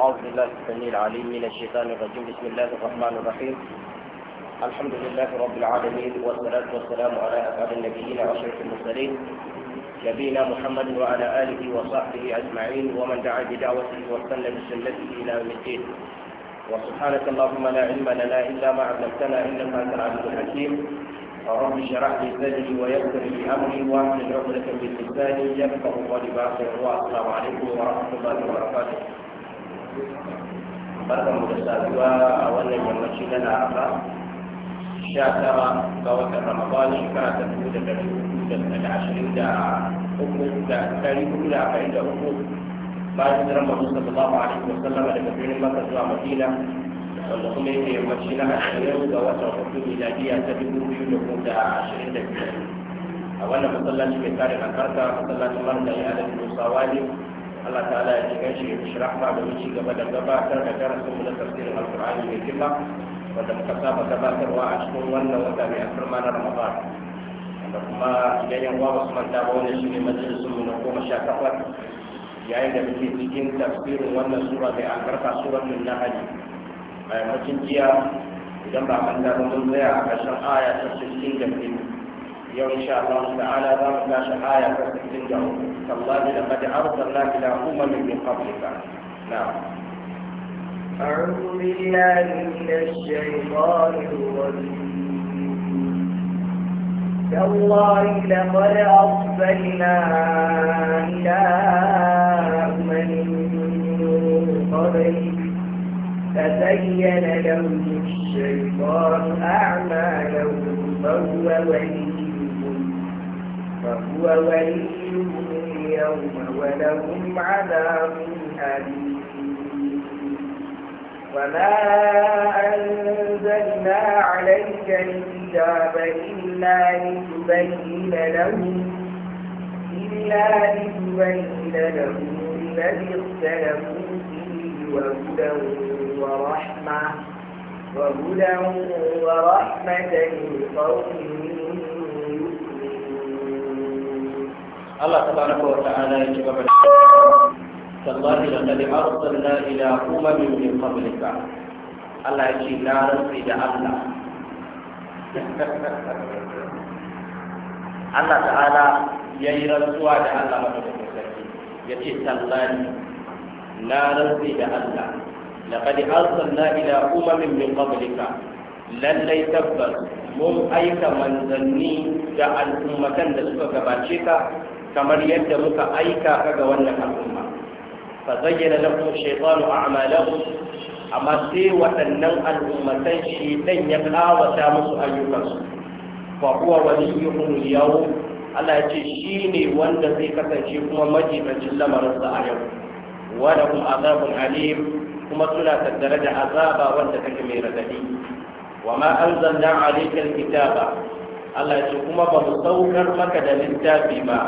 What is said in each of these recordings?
أعوذ بالله السميع العليم من الشيطان الرجيم بسم الله الرحمن الرحيم الحمد لله رب العالمين والصلاة والسلام على أسعد النبيين وأشرف المرسلين نبينا محمد وعلى آله وصحبه أجمعين ومن دعا بدعوته واستنى بسنته إلى يوم الدين وسبحانك اللهم لا علم لنا إلا ما علمتنا إنك أنت العليم الحكيم رب اشرح لي صدري ويسر لي امري واحلل عقدة من لساني يفقه قولي باخر والسلام عليكم ورحمه الله وبركاته barkan mu da saduwa a wannan yammaci na laraba sha tara ga watan ramadan shekara ta dubu da dari hudu da ashirin da uku da dari hudu da arba'in da uku bayan hijirar zama a cikin wa sallama daga birnin maka zuwa madina wanda kuma yake yammaci na ashirin ga watan hudu miladiya ta dubu biyu da da ashirin da biyar a wannan masallaci mai tarin albarka masallacin marmari a da musa Allah ta'ala ya cikin shi ya shi rahma da wuce gaba da gabatar da darasin mu na tafsirin alkur'ani mai girma wanda muka saba gabatarwa a cikin wannan wata mai alfarma na ramadan wanda kuma idan yan uwa basu manta ba wannan shine majalisin mu na goma sha takwas yayin da muke cikin tafsirin wannan sura mai albarka suratul nahl a yammacin jiya idan ba manta ba mun tsaya a ƙarshen aya ta 62 يوم إن شاء الله تعالى ذلك لا شحايا فاستخدمهم تالله لقد أرسلنا إلى أمم من قبلك نعم أعوذ بالله من الشيطان الرجيم تالله لقد أرسلنا إلى أمم من قبلك فزين لهم الشيطان أعمالهم فهو وليهم فهو وليهم اليوم ولهم عذاب أليم وما أنزلنا عليك الكتاب إلا لتبين لهم إلا لتبين لهم الذي اختلفوا فيه وهدى ورحمة وهدى ورحمة لقوم Allah ta subhanahu wa ta'ala yake ba tallahi la na arsalna kuma umamin min qablika Allah ya ce na rufe da Allah Allah ya yi rantsuwa da Allah ba ya ce yace tallahi na rufe da Allah na na arsalna kuma umamin min qablika lallai tabbas mun aika manzanni ga al'ummatan da suka gabace ka kamar yadda muka aika kaga wannan al'umma fa zayyana lahum shaytanu a'malahum amma sai waɗannan al'ummatan shi dan ya kawata musu ayyukansu fa huwa waliyuhum yau Allah ya ce shi ne wanda zai kasance kuma majibancin lamarinsa a yau wanda kuma azabun alim kuma suna tattare da azaba wanda take mai radadi wa ma anzalna alayka alkitaba Allah ya ce kuma ba mu saukar maka da littafi ba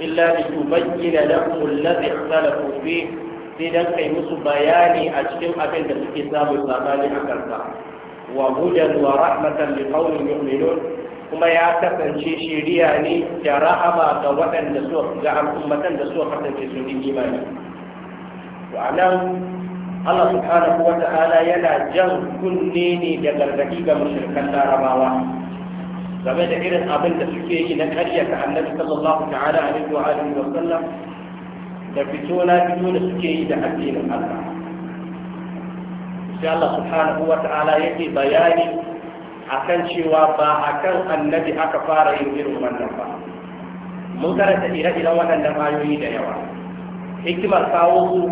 illa li tubayyana lahum alladhi ikhtalafu fi sai dan kai musu bayani a cikin abin da suke samu sabani a kansa wa hudan wa rahmatan li qaumin yu'minun kuma ya kasance shiriya ne da rahama ga waɗanda su ga al'ummatan da suka kasance su yi imani to anan Allah subhanahu wa ta'ala yana jan kunne ne da gargaɗi ga mushrikan larabawa game da irin abin da suke yi na karya ka annabi sallallahu ta'ala alaihi wa alihi wa sallam da fito na fito da suke yi da addinin Allah sai Allah subhanahu wa ta'ala yake bayani akan cewa ba akan annabi aka fara yin irin wannan ba mun karanta ire-iren waɗannan ayoyi da yawa hikimar kawo su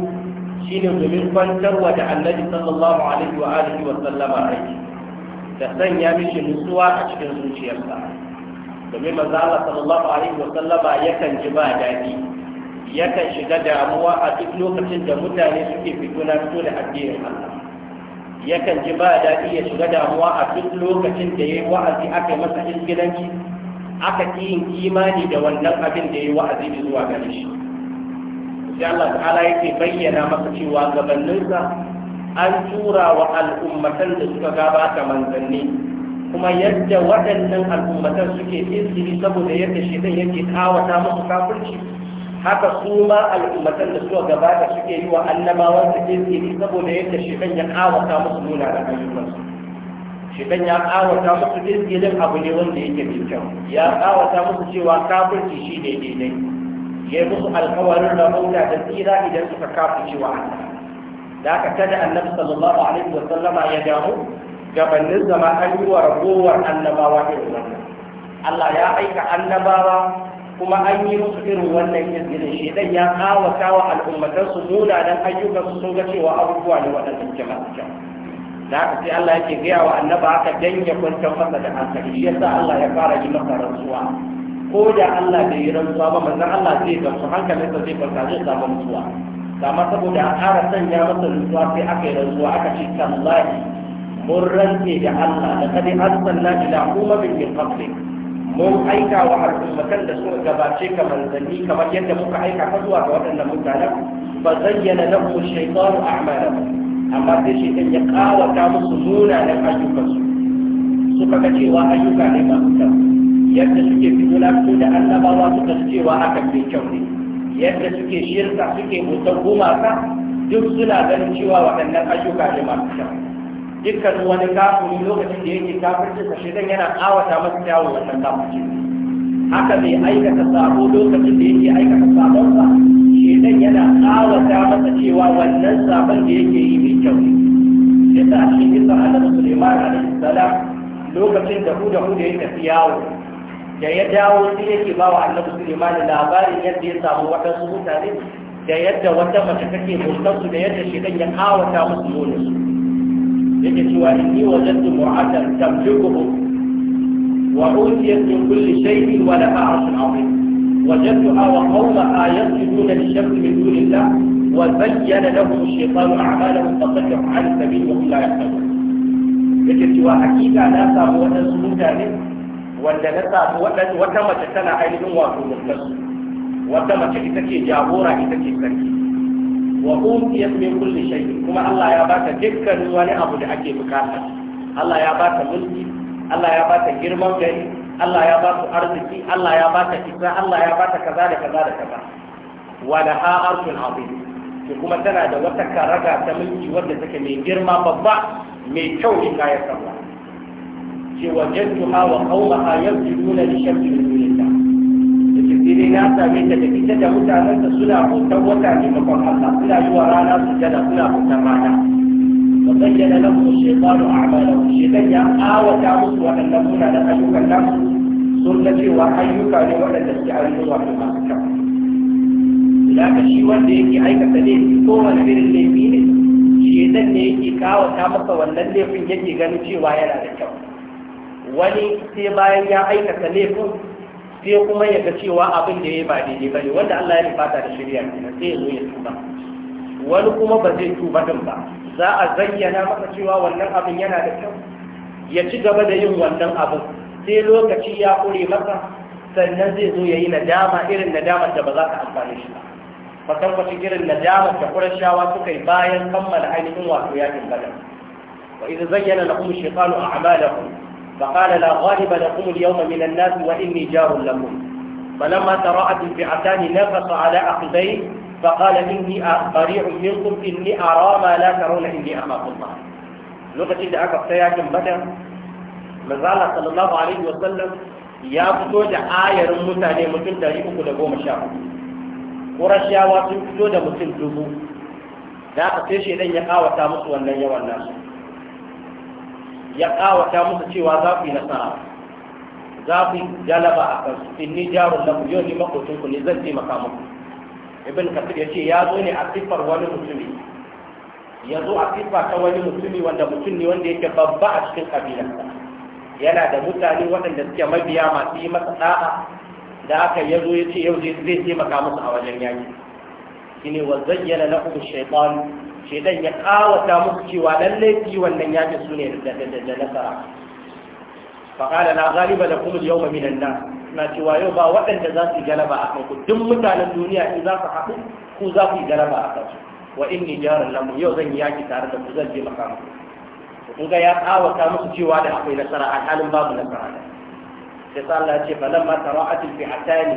shine domin kwantarwa da annabi sallallahu alaihi wa alihi wa sallama aiki da sanya mishi nutsuwa a cikin zuciyarsa domin manzo Allah sallallahu alaihi wa sallama yakan ji ba daɗi yakan shiga damuwa a duk lokacin da mutane suke fito na fito da addinin Allah yakan ji ba daɗi ya shiga damuwa a duk lokacin da ya yi wa'azi aka yi masa ilgilanci aka ki yin imani da wannan abin da ya yi wa'azi da zuwa gare shi sai Allah ta'ala yake bayyana masa cewa gabaninsa an tura wa al'ummatan da suka gabata manzanni kuma yadda waɗannan al'ummatan suke izini saboda yadda shaitan yake kawata musu kafirci haka su ma al'ummatan da suka gabata suke yi wa annabawan su izini saboda yadda shaitan ya kawata musu nuna da ayyukansu shaitan ya kawata musu izinin abu ne wanda yake mai kyau ya kawata musu cewa kafirci shi ne daidai ya yi musu alkawarin rabauta da tsira idan suka kafirci cewa. Allah da aka kada annabi sallallahu alaihi wa sallama ya damu gabanin zama an yi wa ragowar annabawa irin wannan Allah ya aika annabawa kuma an yi musu irin wannan izinin idan ya kawata wa al'ummatar su munanan ayyukan su sun ga cewa abubuwa ne waɗanda suke masu kyau da aka ce Allah yake gaya wa annaba haka dan ya kwantar masa da hankali shi yasa Allah ya fara yi masa rantsuwa ko da Allah bai yi rantsuwa ba manzon Allah zai gamsu hankalinsa zai kwanta zai samu rantsuwa kama saboda a ƙara sanya masa rantsuwa sai aka yi rantsuwa aka ce tallahi mun rantse da Allah da kadai arsalna ila kuma min qablik mun aika wa al'ummatan da suka gabace kamar manzanni kamar yadda muka aika ka zuwa ga waɗannan mutanen fa zayyana lahum shaytanu a'malahum amma sai shi ya kawata musu nuna na ayyukan su suka ga cewa ayyuka ne masu kyau yadda suke fito lafiya da annabawa suka cewa hakan mai kyau ne yadda suke shirka suke mutan gumaka duk suna ganin cewa waɗannan ayyuka ne masu kyau dukkan wani kafin lokacin da yake kafirci sa don yana awata masu kyawu wannan kafirci haka bai aikata sabo lokacin da yake aikata sabon sa shedan yana awata masa cewa wannan sabon da yake yi mai kyau ne da shi isa annabi Sulaiman alaihi lokacin da huda huda ya tafi yawo da ya dawo sai yake ba wa annabi Suleiman labarin yadda ya samu waɗansu mutane da yadda wata mace take mulkansu da yadda shekan ya kawata musu molinsu yake cewa inni wajadtu mu'atan tamlikuhum وأوتيت من كل شيء ولها عرش عظيم وجدتها وقومها يسجدون للشمس من دون الله وبين لهم الشيطان أعمالهم فصدهم عن السبيل وهم لا يهتدون. يجد سوى حقيقة لا تهوى تسلوكا wanda na samu wata mace tana ainihin wato mulkarsu wata mace ita ke jagora ita ce sarki wa umiyat min kulli shay kuma Allah ya bata dukkanin wani abu da ake bukata Allah ya bata mulki Allah ya bata girman gari Allah ya bata arziki Allah ya bata kisa, Allah ya bata kaza da kaza da kaza wa laha arshun azim to kuma tana da wata karaga ta mulki wadda take mai girma babba mai kyau ne kayan sallah ce wajadtuha wa qawmaha yabduna li shamsi dunillah yace sai dai na same ta da ita da mutanen ta suna bautar wata ne makon Allah suna yi wa rana sujada suna bautar rana Ba zan wa zayyana lahum ash-shaytanu a'malahum shaytan ya awata musu waɗannan da ayyukan nan? sun na cewa ayyuka ne waɗanda suke ayyuka wato masu kyau idan ka shi wanda yake aikata laifi kowane irin laifi ne shedan ne yake kawata masa wannan laifin yake ganin cewa yana da kyau wani sai bayan ya aikata laifin sai kuma ya ga cewa abin da ya ba daidai ba ne wanda Allah ya rifata da shirya kenan sai ya zo ya tuba wani kuma ba zai tuba din ba za a zayyana masa cewa wannan abin yana da kyau ya ci gaba da yin wannan abin sai lokaci ya kure masa sannan zai zo ya yi nadama irin nadamar da ba za ka amfani shi ba fakan wata irin nadamar da kurashawa suka yi bayan kammala ainihin wato yakin badar wa idan zayyana lahum shaytanu a'malahum فقال لا غالب لكم اليوم من الناس وإني جار لكم فلما تراءت الفئتان نفس على أخذيه فقال إني بريع منكم إني أرى ما لا ترون إني أخاف الله lokacin da aka fita yakin badar manzala sallallahu alaihi wa sallam ya fito da ayarin mutane mutum dari uku da goma sha hudu ƙurashiyawa sun fito da mutum dubu da aka sai shaidan ya ƙawata musu wannan yawan nasu ya kawata musu cewa za ku yi nasara za ku yi galaba a kansu in ni jarun lahu yau ni makocin ku ne zan taimaka muku ibn kasir ya ce ya zo ne a siffar wani mutumi ya zo a siffa ta wani mutumi wanda mutum ne wanda yake babba a cikin kabilarsa yana da mutane waɗanda suke mabiya masu yi masa ɗa'a, da aka ya zo ya ce yau zai taimaka musu a wajen yaki shine wa zayyana lahum shaytan shedan ya kawata musu cewa lallai fi wannan yaƙi su ne da nasara faƙala na galiba da kuma yau minan nan na cewa yau ba waɗanda za su yi galaba a kanku duk mutanen duniya in za su haɗu ku za ku yi galaba a kansu wa in ni jarin lamu yau zan yi yaƙi tare da ku zan je maka muku kun ga ya kawata musu cewa da akwai nasara a halin babu nasara da sai sa Allah ya ce falamma tara'atil fi'atani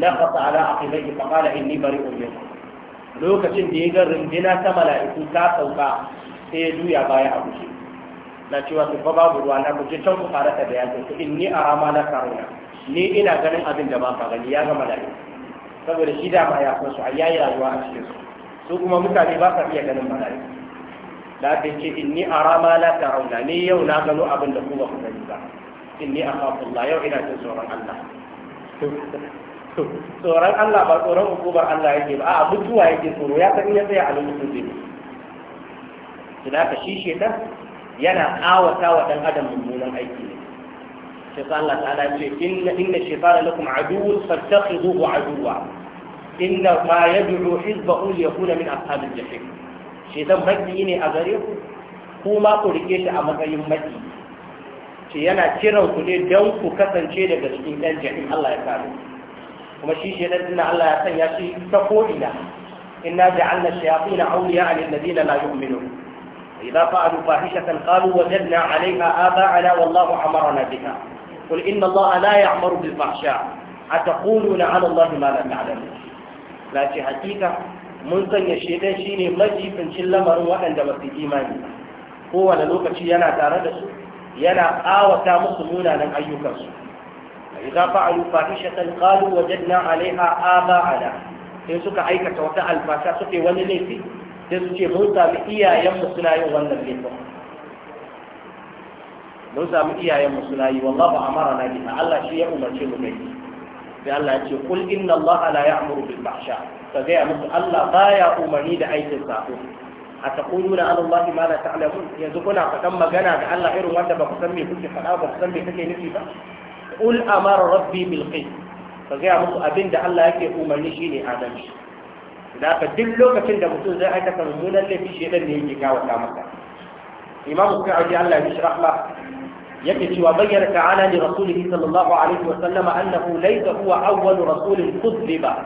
naqata ala aqibaihi faqala inni bari'un minkum lokacin da ya ga rundina ta mala'iku ta sauka sai ya juya baya a guje na cewa su fa babu ruwa na guje can ku fara ta bayanin ku in ni a rama na karuna ni ina ganin abin da ba ka gani ya ga mala'iku saboda shi da ma ya san su a yayi rayuwa a cikin su su kuma mutane ba sa iya ganin mala'iku da ta ce in ni a rama na karuna ni yau na gano abin da ku ba ku gani ba in ni a kafin yau ina jin tsoron Allah tsoron Allah ba tsoron hukumar Allah yake ba a mutuwa yake tsoro ya san ya tsaya a lokacin zai su da shi shedan yana kawata wa dan adam mummunan aiki ne shi sa Allah ta'ala ce inna inna shaytana lakum aduwwun fattakhidhuhu aduwwa inna ma yad'u hizbahu liyakuna min ashabil jahim shedan maki ne a gare ku kuma ku rike shi a matsayin maki ce yana kiran ku ne don ku kasance daga cikin ɗan jahim Allah ya kare kuma shi shi dan dinnan Allah ya sanya shi ta ko'ina inna ja'alna shayatin awliya lil ladina la yu'minun idza fa'alu fahishatan qalu wajadna 'alayha na wallahu amarna biha qul inna Allah la ya'muru bil fahsha ataquluna 'ala Allah ma la ta'lamun la ce hakika mun sanya shedan shine majibincin lamarin waɗanda ba su imani kowane lokaci yana tare da su yana ƙawata musu munanan ayyukansu idza fa'alu fahishatan qalu wajadna 'alayha aba'ana sai suka aikata wata alfasha suke wani laifi sai su ce mun sami iyayenmu suna yin wannan laifin mun sami iyayenmu suna yi shi ya umarce mu kai sai Allah ya ce kul inna Allah la ya'muru bil fahsha ka ga baya umarni da aikin sako a taquluna ala Allah ma la ta'lamun yanzu kuna fadan magana ga Allah irin wanda ba ku ba ku kake nufi ba qul amara rabbi bil qist ka ga musu abin da Allah yake umarni shine adalci da ka duk lokacin da mutum zai aikata mummunan laifi shedan ne yake gawa ta masa imamu ka'abi Allah ya shirah la yake cewa bayyana ta'ala li rasulihi sallallahu alaihi wa sallam annahu laysa huwa awwal rasulin kuzziba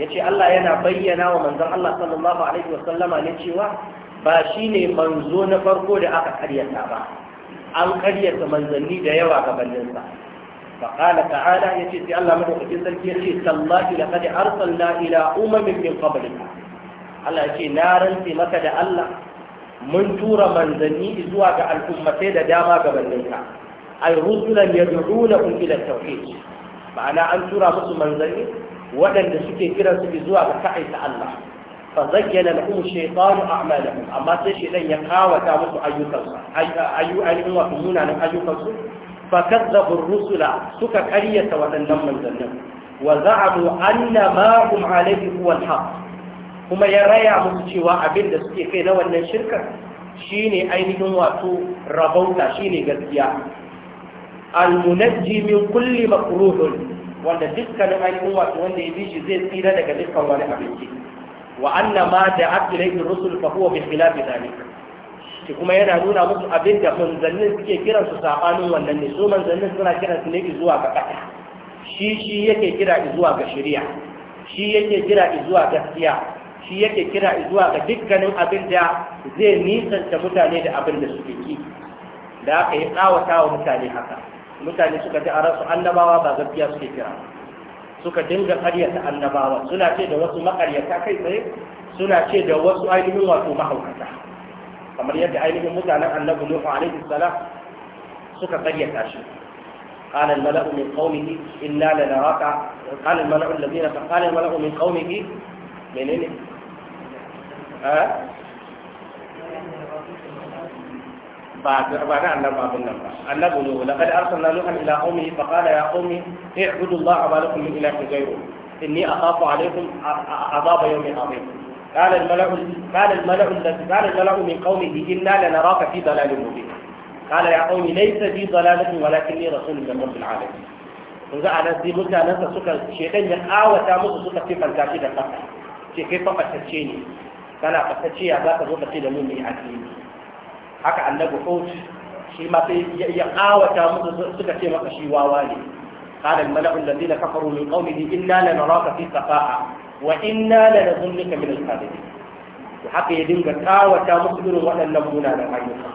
yace Allah yana bayyana wa manzon Allah sallallahu alaihi wa sallama ne cewa ba shine manzo na farko da aka karyata ba an karyata manzanni da yawa ga gabaninsa فقال تعالى يتي الله مدوكين سركي يتي تالله لقد أرسلنا إلى أمم من قبلك الله يتي نارا في مكة الله من تور من ذني إزواج الأمتين داما قبلك أي رسلا يدعونهم إلى التوحيد معنى أن ترى مسلم من ذني ولن تسكي كرا سبزواج كعيس الله فزين لهم الشيطان أعمالهم أما تشي لن يقاوة مسلم أيوكا أيوكا أيوكا أيوكا أيوكا فكذبوا الرسل سكا كرية وأنهم من ذنب وزعموا أن ما هم عليه هو الحق كما يرى مسجوا أبدا سكيفين وأن الشركة شيني أينهم واتو ربوتا شيني قديا المنجي من كل مكروه wanda dukkanin ainihin wato wanda ya bi shi zai tsira daga dukkan wani abinci wa anna ma da akilai rusul fa huwa bi khilafi zalika shi kuma yana nuna musu abin da manzannin suke kiran su sabanin wannan ne su manzannin suna kiran su ne zuwa ga ƙasa, shi shi yake kira zuwa ga shari'a shi yake kira zuwa gaskiya shi yake kira zuwa ga dukkanin abin da zai nisanta mutane da abin da suke ki da aka yi tsawata wa mutane haka mutane suka ji a rasu annabawa ba gaskiya suke kira suka dinga karyata annabawa suna ce da wasu makaryata kai tsaye suna ce da wasu ainihin wato mahaukata kamar yadda ainihin mutanen annabi nuhu alaihi salam suka karyata shi قال الملأ من قومه إنا لنراك قال الملأ الذين قال الملأ من قومه من إن أه؟ بعد بعد أن نبع بالنبع أن نبلغ لقد أرسلنا نوحا إلى قومه فقال يا قوم اعبدوا الله ما لكم من إله غيره إني أخاف عليكم عذاب يوم عظيم قال الملأ قال الملأ الذي قال الملأ من قومه إنا لنراك في ضلال مبين قال يا قوم ليس في ضلالة ولكني رسول من رب العالمين وذا على ذي مدى نسى سكة شيخين يقاوة تاموس سكة في فنكاتي لقفة شيخين فقط تتشيني قال فتتشي أباك الرب في لنمي عزيزي حكى عن نبو حوت شيما في يقاوة تاموس سكة في مقشي ووالي قال الملأ الذين كفروا من قومه إنا لنراك في سفاحة wa inna la nazunnuka min al-kadhibin haka ya dinga kawata musu irin waɗannan munanan ayyuka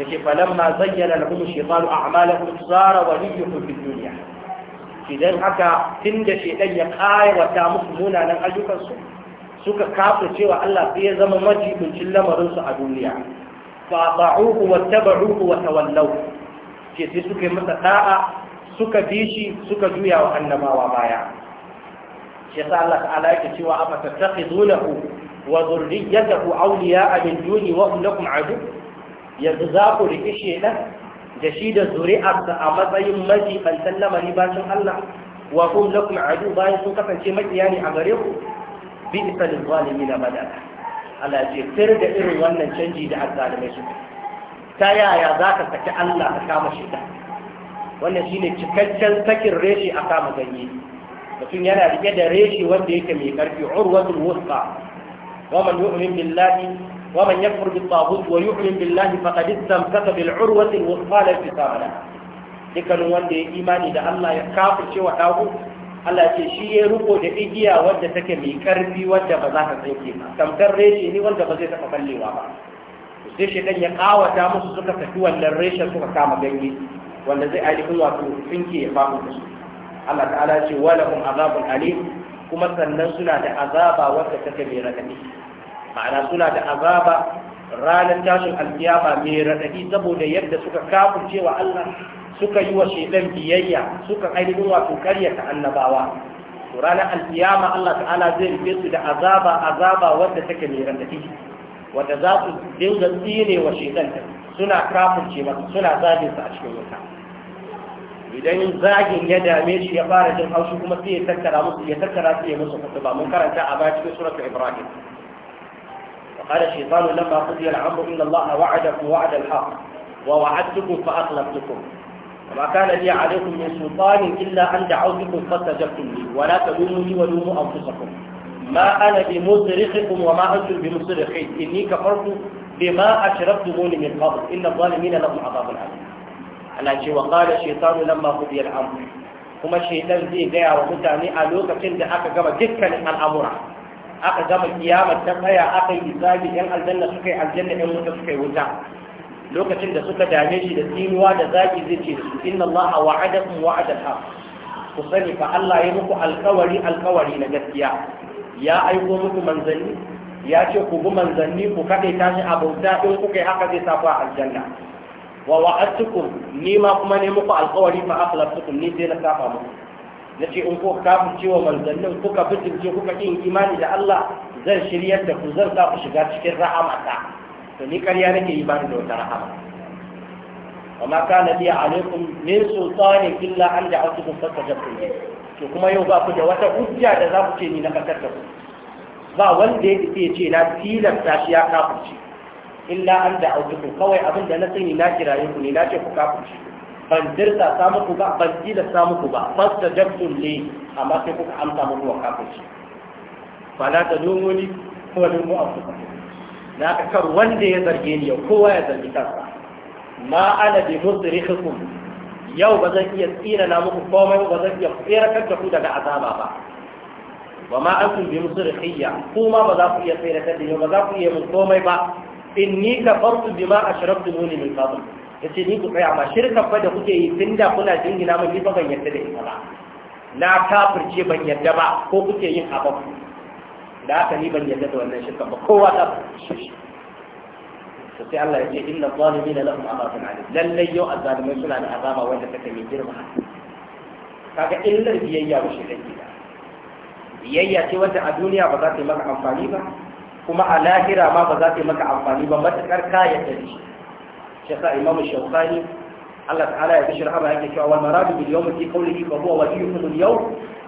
yace falamma zayyana lahum shaytanu a'malahum sara waliyuhum fid dunya idan haka tunda shaytan ya kawata musu munanan ayyukan su suka kafa cewa Allah sai ya zama majibincin lamarin su a duniya fa ta'uhu wattaba'uhu wa tawallaw ce sai suka yi masa da'a suka bi shi suka juya wa annabawa baya yasa Allah ta'ala yake cewa amma tattakhidunahu wa dhurriyyatahu awliya'a min duni wa hum lakum adu yanzu za ku riki shedan da shi da zuri'arsa a matsayin maji ban sallama bacin Allah wa hum lakum adu bayan sun kasance makiya ne a gare ku bi isa lil zalimin badala Allah ya ce tir da irin wannan canji da azzalimai suka ta yaya za ka saki Allah ka kama shi wannan shine cikakken sakin reshe a kama ganye mutum yana rike da reshe wanda yake mai karfi urwatul wusqa wa man yu'min billahi wa man yakfur bit taghut wa yu'min billahi faqad istamsaka bil urwati al wusqa la infisama laha wanda ya imani da Allah ya kafirce wa dagu Allah ce shi ya riko da igiya wanda take mai karfi wanda ba za ta tsinke ba tamkar reshe ne wanda ba zai taɓa fallewa ba sai shekan ya kawata musu suka tafi wannan reshen suka kama ganye wanda zai ainihin wato tsinke ya faɗo da su Allah ta'ala ce walahum azabun alim kuma sannan suna da azaba wacce take mai radadi ma'ana suna da azaba ranar tashin alkiyama mai radadi saboda yadda suka kafurce wa Allah suka yi wa shaidan biyayya suka ainihin wato karya ta annabawa to ranar alkiyama Allah ta'ala zai rufe su da azaba azaba wanda take mai radadi wanda za su dinga tsine wa shaidan suna kafurce masa suna zagin sa a cikin wuta idan zagin ya dame shi ya fara jin haushi kuma sai ya tattara musu ya tattara su ya musu kutuba mun karanta a baya cikin suratul ibrahim وقال الشيطان لما قضي الامر ان الله وعدكم وعد الحق ووعدتكم فاخلفتكم وما كان لي عليكم من سلطان الا ان دعوتكم فاستجبتم لي ولا تلوموني ولوموا انفسكم ما انا بمصرخكم وما انتم بمصرخي اني كفرت بما اشركتموني من قبل ان الظالمين لهم عذاب اليم ana cewa qala shaytanu lamma qudiya biyar amr kuma shaytan zai gaya wa mutane a lokacin da aka gama dukkanin al'amura aka gama kiyama ta tsaya aka yi hisabi yan aljanna suka yi aljanna yan wuta suka yi wuta lokacin da suka dame shi da tsinuwa da zaki zai ce su inna allaha wa'adakum wa'adal haq ku sani fa Allah ya muku alkawari alkawari na gaskiya ya aiko muku manzanni ya ce ku bi manzanni ku kaɗai tashi a bauta in kuka yi haka zai a aljanna wa wa'adtukum ni ma kuma ne muku alƙawari fa akhlaftukum ni sai na kafa muku nace in ko kafin cewa manzannin kuka bitince kuka kin imani da Allah zan shiryar da ku zan sa ku shiga cikin rahamata to ni ƙarya nake yi ba da wata rahama wa ma kana li alaikum min sultani illa an da'atukum fastajabtum to kuma yau ba ku da wata hujja da za ku ce ni na kasar da ku ba wanda ya ce na tilasta shi ya kafirce illa an da ko kawai abin da na sani na kiraye ku ne na ce ku kafirci ban dirsa sa muku ba ban tilasta muku ba fasta jabtun ne amma sai kuka amsa muku wa kafirci fala ta domo ni ko da mu abu na ka kar wanda ya zarge ni yau kowa ya zargi kansa ma ala bi hukum. yau ba zan iya tsira na muku komai ba zan iya tsira da ku daga azaba ba wa ma antum bi musrikhiyya kuma ba za ku iya tsira da ba za ku iya mun komai ba inni kafartu bima ashraktumuni min qabl ce ni ku tsaya ma shirka fa da kuke yi tunda kuna jingina mun ni fa ban yadda da ita ba na kafirce ban yadda ba ko kuke yin abin da haka ni ban yadda da wannan shirka ba kowa ta to sai Allah ya ce inna zalimina lahum azabun alim lallai yau azzalimai suna da azaba wanda take mai girma kaga illar biyayya ba shi da biyayya ce wanda a duniya ba za ta yi maka amfani ba kuma a lahira ma ba za ta yi maka amfani ba matuƙar kayan da shi shi sa imamu shaukani Allah ta'ala ya fi shirhama yake cewa wal maradu bil yawmi fi qawlihi fa huwa waliyukum al yawm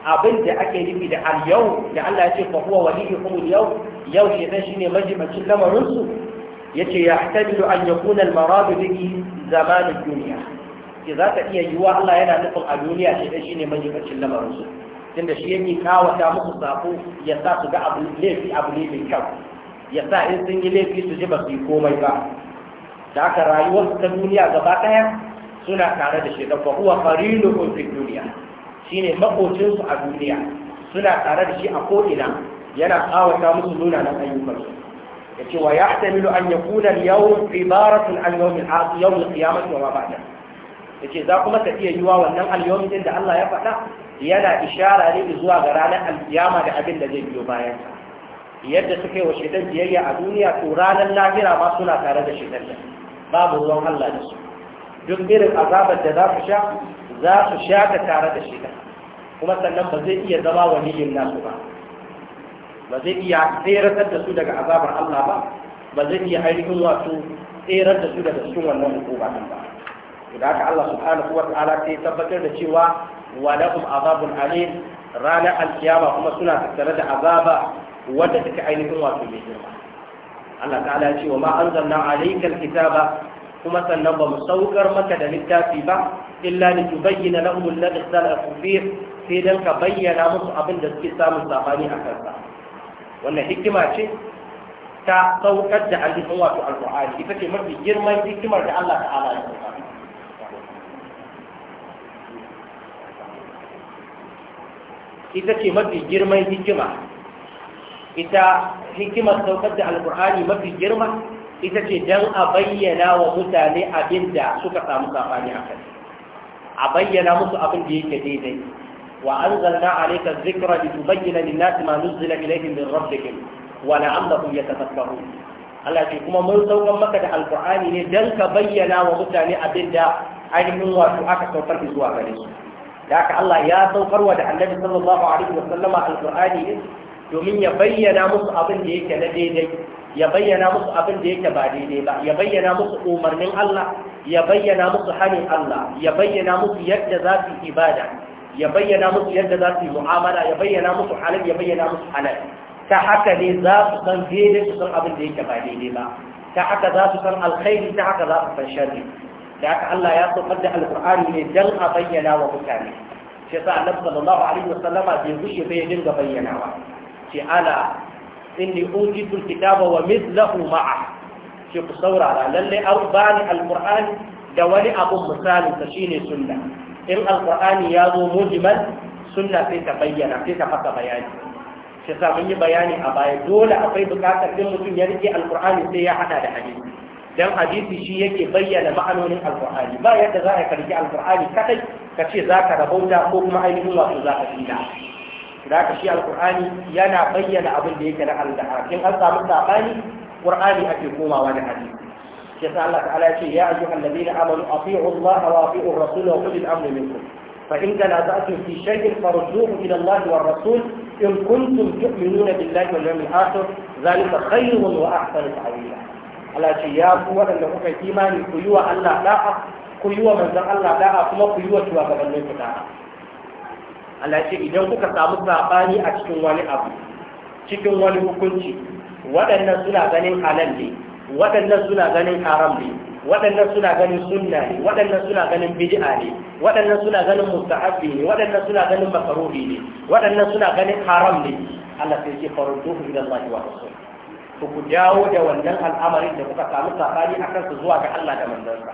abin da ake nufi da al yau da Allah ya ce fa huwa waliyukum al yawm yau shi dan shine majibacin lamarin su yace yahtamilu an yakuna al maradu bihi zamanin duniya. ki za ta iya yiwa Allah yana nufin a duniya shi dan shine majibacin lamarin su tunda shi yake kawata musu sako ya sa su ga abu laifi abu ne mai kyau ya sa in sun yi laifi su ji ba su yi komai ba da haka rayuwarsu ta duniya gaba ɗaya suna tare da shaidan fa huwa qarinuhum fi duniya shine makocinsu a duniya suna tare da shi a ko'ina yana kawata musu nuna na ayyukansu ya ce wa ya an yakuna al-yawm ibaratun an yawm al-qiyamah wa ma yace za kuma ta iya yiwa wannan al-yawm da Allah ya faɗa yana ishara ne zuwa ga ranar al da abin da zai biyo bayan yadda suka yi wa shaitan biyayya a duniya to ranar lahira ma suna tare da shaitan babu ruwan Allah da su duk irin azabar da za su sha za su sha ta tare da shaitan kuma sannan ba zai iya zama waliyin nasu ba ba zai iya tseratar da su daga azabar Allah ba ba zai iya ainihin wato tserar da su daga cikin wannan hukuma ba to da haka Allah subhanahu wa ta'ala tabbatar da cewa wa lahum azabun alim ranar alkiyama kuma suna tattare da azaba wadda take ainihin wato mai girma Allah ta'ala ce wa ma anzalna alayka kitaba kuma sannan ba mu saukar maka da littafi ba illa li tubayyana lahum alladhi ikhtalafu fihi sai dan ka bayyana musu abin da suke samun sabani a kansa wannan hikima ce ta saukar da ainihin wato alqur'ani ita ce mafi girman hikimar da Allah ta'ala ya saukar ita ce mafi girman hikima ita hikimar saukar da alkur'ani mafi girma ita ce don a bayyana wa mutane abin da suka samu safani a kai a bayyana musu abin da yake daidai wa an zanna a ne ka zikira da bayyana tubayyana linnati ma nuzula ilaihim min rabbikin wa la'allahum yatafakkarun Allah ce kuma mun saukan maka da alkur'ani ne don ka bayyana wa mutane abin da ainihin wato aka saukar zuwa gare su da aka Allah ya saukar wa da annabi sallallahu alaihi wa sallama alqur'ani domin ya bayyana musu abin da yake na daidai ya bayyana musu abin da yake ba daidai ba ya bayyana musu umarnin Allah ya bayyana musu hanin Allah ya bayyana musu yadda za su ibada ya bayyana musu yadda za su mu'amala ya bayyana musu halal ya bayyana musu halal ta haka ne za su san daidai su san abin da yake ba daidai ba ta haka za su san alkhairi ta haka za su san sharri da aka Allah ya saukar da alqur'ani ne dan a bayyana wa mutane shi yasa annabi sallallahu alaihi wasallama bai gushe bai dinga bayyanawa ce ala inni utitul kitaba wa mithlahu ma'a shi ku saurara lalle an bani alqur'ani da wani abun misalin ta shine sunna in alqur'ani ya zo mujmal sunna sai ta bayyana sai ta faka bayani shi yasa mun yi bayani a baya dole akwai buƙatar din mutum ya rike alqur'ani sai ya hada da hadisi dan hadisi shi yake bayyana ma'anonin alqur'ani ba yadda za ka karki alqur'ani kadai ka ce za ka ko kuma ainihin wato za ka tsira da ka shi alqur'ani yana bayyana abin da yake na Allah in an samu sabani qur'ani ake komawa da hadisi sai sa Allah ta'ala ya ce ya ayyuhan ladina amanu ati'u Allah wa ati'u ar-rasul wa ulil amri minkum فإن تنازعتم في شيء فردوه إلى الله والرسول إن كنتم تؤمنون بالله واليوم الآخر ذلك خير وأحسن تعويلا Allah ce ya ku waɗanda kuka imani ku yi wa Allah da'a ku yi wa manzon Allah da'a kuma ku yi wa shugabannin ku da'a Allah ce idan kuka samu sabani a cikin wani abu cikin wani hukunci waɗannan suna ganin halal ne waɗannan suna ganin haram ne waɗannan suna ganin sunna ne waɗannan suna ganin bid'a ne waɗannan suna ganin mustahabbi ne waɗannan suna ganin makaruhi ne waɗannan suna ganin haram ne Allah sai ya farko ila Allah wa rasul to ku dawo da wannan al'amarin da kuka samu sabani akan su zuwa ga Allah da manzansa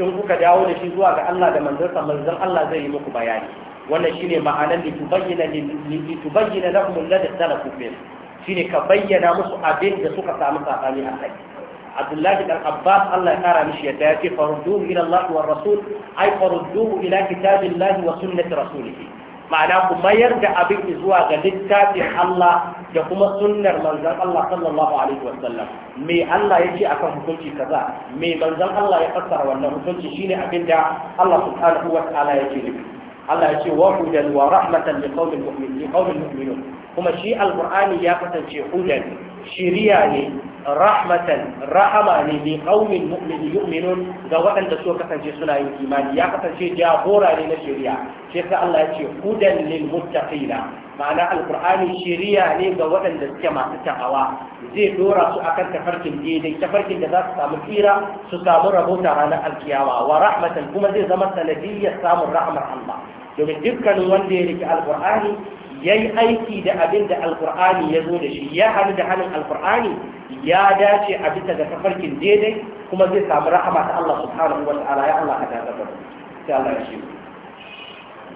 in kuka dawo da shi zuwa ga Allah da manzansa manzan Allah zai yi muku bayani wannan shine ma'anar da tubayyana li tubayyana lahum alladhi ikhtalafu fihi shine ka bayyana musu abin da suka samu sabani akai Abdullahi dan Abbas Allah ya kara mishi yadda yake farudduhu ila Allah wa Rasul ay farudduhu ila kitabillahi wa sunnati rasulih ma'ana ku mayar da abin zuwa ga littafin Allah da kuma sunnar manzan Allah sallallahu alaihi wasallam me Allah ya ce akan hukunci kaza me manzan Allah ya fassara wannan hukunci shine abin da Allah subhanahu wa ta'ala yake nufi Allah ya ce wa hudan wa rahmatan liqaumin mu'minin liqaumin mu'minun kuma shi alqur'ani ya kasance hudan shiriya ne rahmatan rahama ne mai qaumin mu'minin yu'minun ga waɗanda suka kasance suna yin imani ya kasance jagora ne na shari'a shi yasa Allah ya ce hudan lil muttaqina ma'ana alqur'ani shari'a ne ga waɗanda suke masu ta'awa zai dora su akan tafarkin daidai tafarkin da za su samu tsira su samu rabota ranar alkiyawa wa rahmatan kuma zai zama sanadiyyar samun rahmar Allah domin dukkanin wanda ya rike alqur'ani yayi aiki da abin da alkur'ani ya zo da shi ya hadu da halin alqur'ani ya dace a bisa ga tafarkin daidai kuma zai samu rahama ta Allah subhanahu wataala ya Allah ka dakatar sai Allah ya shi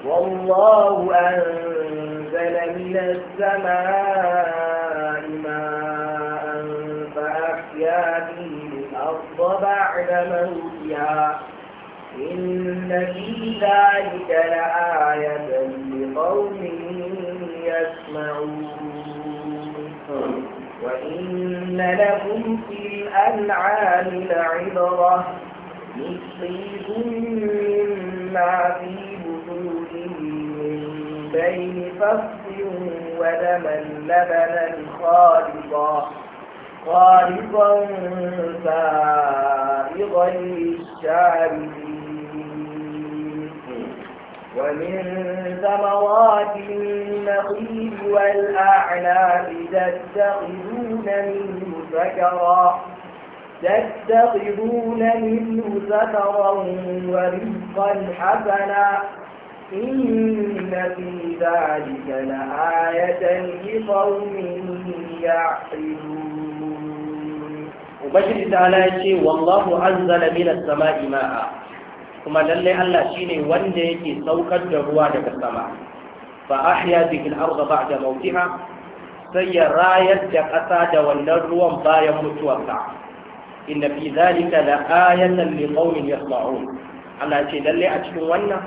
wallahu anzala والله samaai ma'an fa ماء فأحيا به الأرض بعد موتها إن في ذلك لآية لقوم يسمعون وإن لهم في الأنعام لعبرة نسقيكم مما في بطونهم من بين فصل ودما لبنا خالصا خالصا سائغا للشاربين ومن ثمرات النخيل والأعناب تتخذون منه سكرا تتخذون منه سكرا ورزقا حسنا إن في ذلك لآية لقوم يعقلون وبشر تعالى والله أنزل من السماء ماء kuma lallai Allah shine wanda yake saukar da ruwa daga sama fa ahya bihi al-ardha ba'da mawtiha sai ya rayar da ƙasa da wannan ruwan bayan mutuwarsa inna fi zalika la ayatan li qaumin yasma'un Allah ce lallai a cikin wannan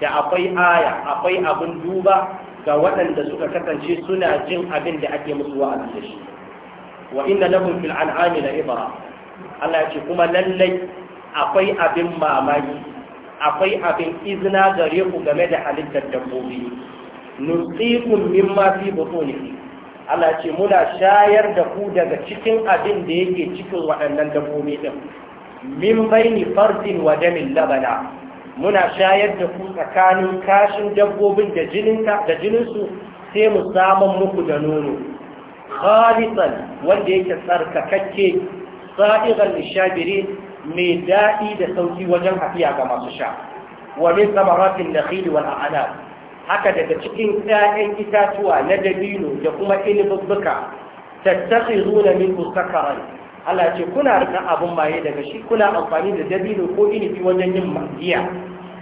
da akwai aya akwai abin duba ga waɗanda suka kasance suna jin abin da ake musu wa'azi da shi wa inna lahum fil an'ami la ibra Allah ce kuma lallai akwai abin mamaki akwai abin izina gare ku game da halittar dabbobi nusikum mimma fi butuni Allah ce muna shayar da ku daga cikin abin da yake cikin waɗannan dabbobi din min baini fardin wa damin labana muna shayar da ku tsakanin kashin dabbobin da jininka da jininsu sai mu samu muku da nono khalisan wanda yake tsarkakakke sa'iran lishabirin mai daɗi da sauki wajen hafiya ga masu sha wa min samaratin nakhil wal ana. haka daga cikin 'ya'yan itatuwa na dabino da kuma inibubbuka tattakhizuna min sakaran Allah ce kuna rika abun maye daga shi kuna amfani da dabino ko inibi wajen yin mafiya.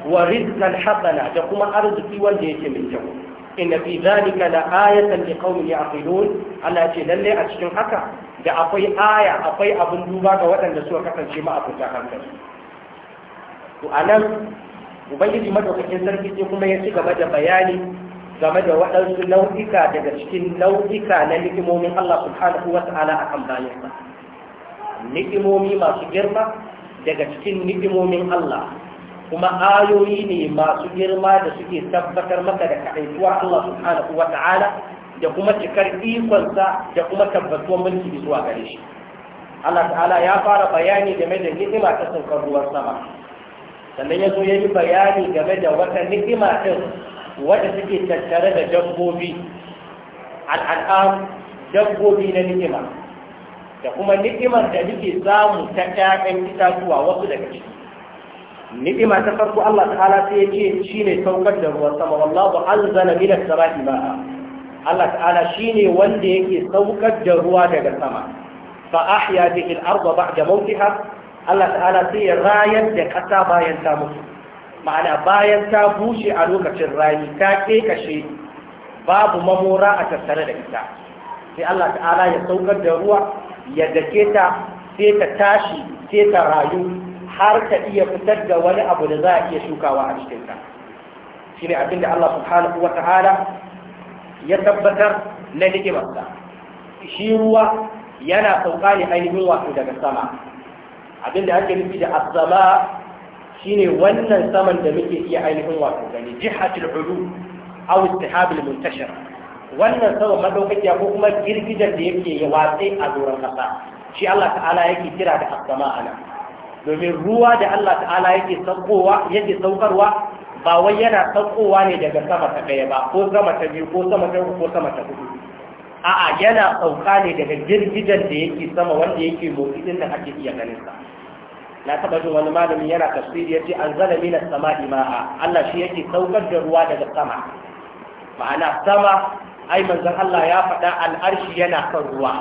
wa rizqan hasana da kuma arziki wanda yake mai kyau inna fi zalika la ayatan liqaumin ya'qilun Allah ce lalle a cikin haka da akwai aya akwai abin duba ga waɗanda suka kasance kusa hankali to a nan ubangiji madaukakin sarki sai kuma ya ci gaba da bayani game da waɗansu nau'ika daga cikin nau'ika na nikimomin Allah subhanahu wa ta'ala a kan sa nikimomi masu girma daga cikin nikimomin Allah kuma ayoyi ne masu girma da suke tabbatar maka da kaɗaituwar Allah subhanahu wa ta'ala da kuma cikar ikonsa da kuma tabbatuwar mulki zuwa gare shi Allah ta'ala ya fara bayani game da ni'ima ta saukar ruwan sama sannan ya zo ya yi bayani game da wata ni'ima ɗin wadda suke tattare da dabbobi al'adam dabbobi na ni'ima da kuma ni'imar da muke samu ta ƴaƴan itatuwa wasu daga ciki ni'ima ta farko Allah ta'ala sai ya ce shine saukar da ruwan sama wallahu anzala minas samai ma'a Allah ta'ala shine wanda yake saukar da ruwa daga sama fa ahya bihi al-ardha ba'da mawtiha Allah ta'ala sai ya rayar da ƙasa bayan ta mutu ma'ana bayan ta bushe a lokacin rani ta kekashe babu mamora a tattare da ita sai Allah ta'ala ya saukar da ruwa ya dake ta sai ta tashi sai ta rayu har ta iya fitar da wani abu da za a iya shukawa a cikinta shi ne abinda Allah subhanahu wa ta'ala ya tabbatar na ni'imarsa shi ruwa yana sauka ne ainihin wato daga sama abinda ake nufi da asama shine wannan saman da muke iya ainihin wato gani jihatul hudu aw istihabil muntashir wannan sama madaukakiya ko kuma girgijar da yake ya watse a doron kasa shi Allah ta'ala yake kira da asama ana domin ruwa da Allah ta'ala yake saukowa yake saukarwa ba wai yana saukowa ne daga sama ta ɗaya ba ko sama ta biyu ko sama ta uku ko sama ta hudu a'a yana sauka ne daga girgijen da yake sama wanda yake motsi din ake iya ganin sa na taba jin wani malami yana tafsiri yace zala minas sama'i ma'a Allah shi yake saukar da ruwa daga sama ma'ana sama ai manzon Allah ya faɗa al'arshi yana kan ruwa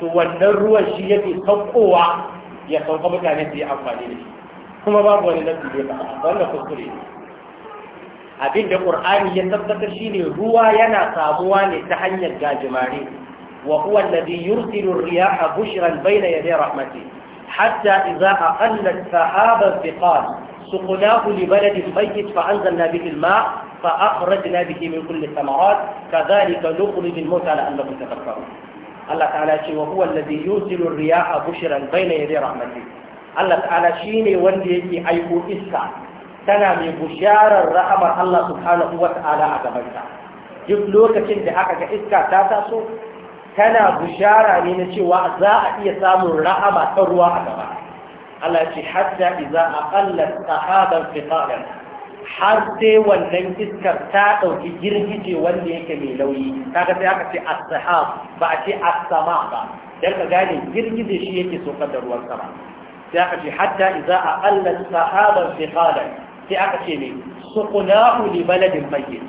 to wannan ruwan shi yake saukowa ya sauka mutane su yi amfani da shi kuma babu wani nasu da ba wannan kuskure ne abinda da ƙur'ani ya tabbatar shine ruwa yana samuwa ne ta hanyar gajimare wa huwa alladhi yursilu ar-riyaha bushran bayna yaday rahmati hatta idza aqallat sahaba thiqal suqnahu li baladin mayyit fa anzalna bihi al-ma' fa akhrajna bihi min kulli thamarat kadhalika nukhrij al-mauta la'allakum tadhakkarun Allah ta'ala ce wa huwa alladhi yursilu ar-riyaha bushran bayna yaday rahmati Allah ta'ala shine wanda yake aiko iska tana mai busharar rahamar Allah subhanahu wa ta'ala a gabanta duk lokacin da aka ga iska ta taso tana bushara ne na cewa za a iya samun rahama ta ruwa a gaba Allah ce hatta idza aqallat sahaban fiqalan har sai wannan iskar ta dauki girgije wanda yake mai lauyi kaga sai aka ce as-sahab ba a ce as-sama ba dan ka gane girgije shi yake sokar da ruwan sama sai aka ce hatta idza aqallat sahaban fiqalan sai aka ce ne suqna'u li baladin mayyit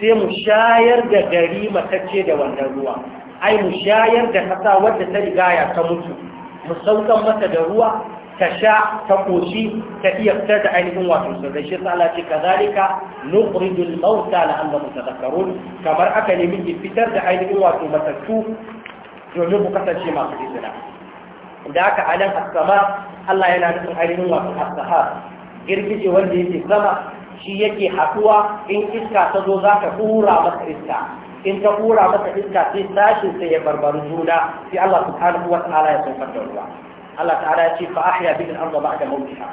sai mu shayar da gari matacce da wannan ruwa ai mu shayar da kasa wadda ta rigaya ta mutu mu saukan mata da ruwa ta sha ta koshi ta iya fitar da ainihin wato sirrai shi sa Allah ce kazalika nuqridul mauta la'allakum tadhakkarun kamar aka nemi ki fitar da ainihin wato matattu domin mu kasance masu izina da aka alan as Allah yana nufin ainihin wato as girgije wanda yake sama shi yake haɗuwa in iska ta zo za ka hura masa iska in ta hura masa iska sai sashin sai ya barbaru juna sai Allah subhanahu wa ta'ala ya saukar da ruwa Allah ta'ala ya ce fa ahya bil arda ba'da mawtiha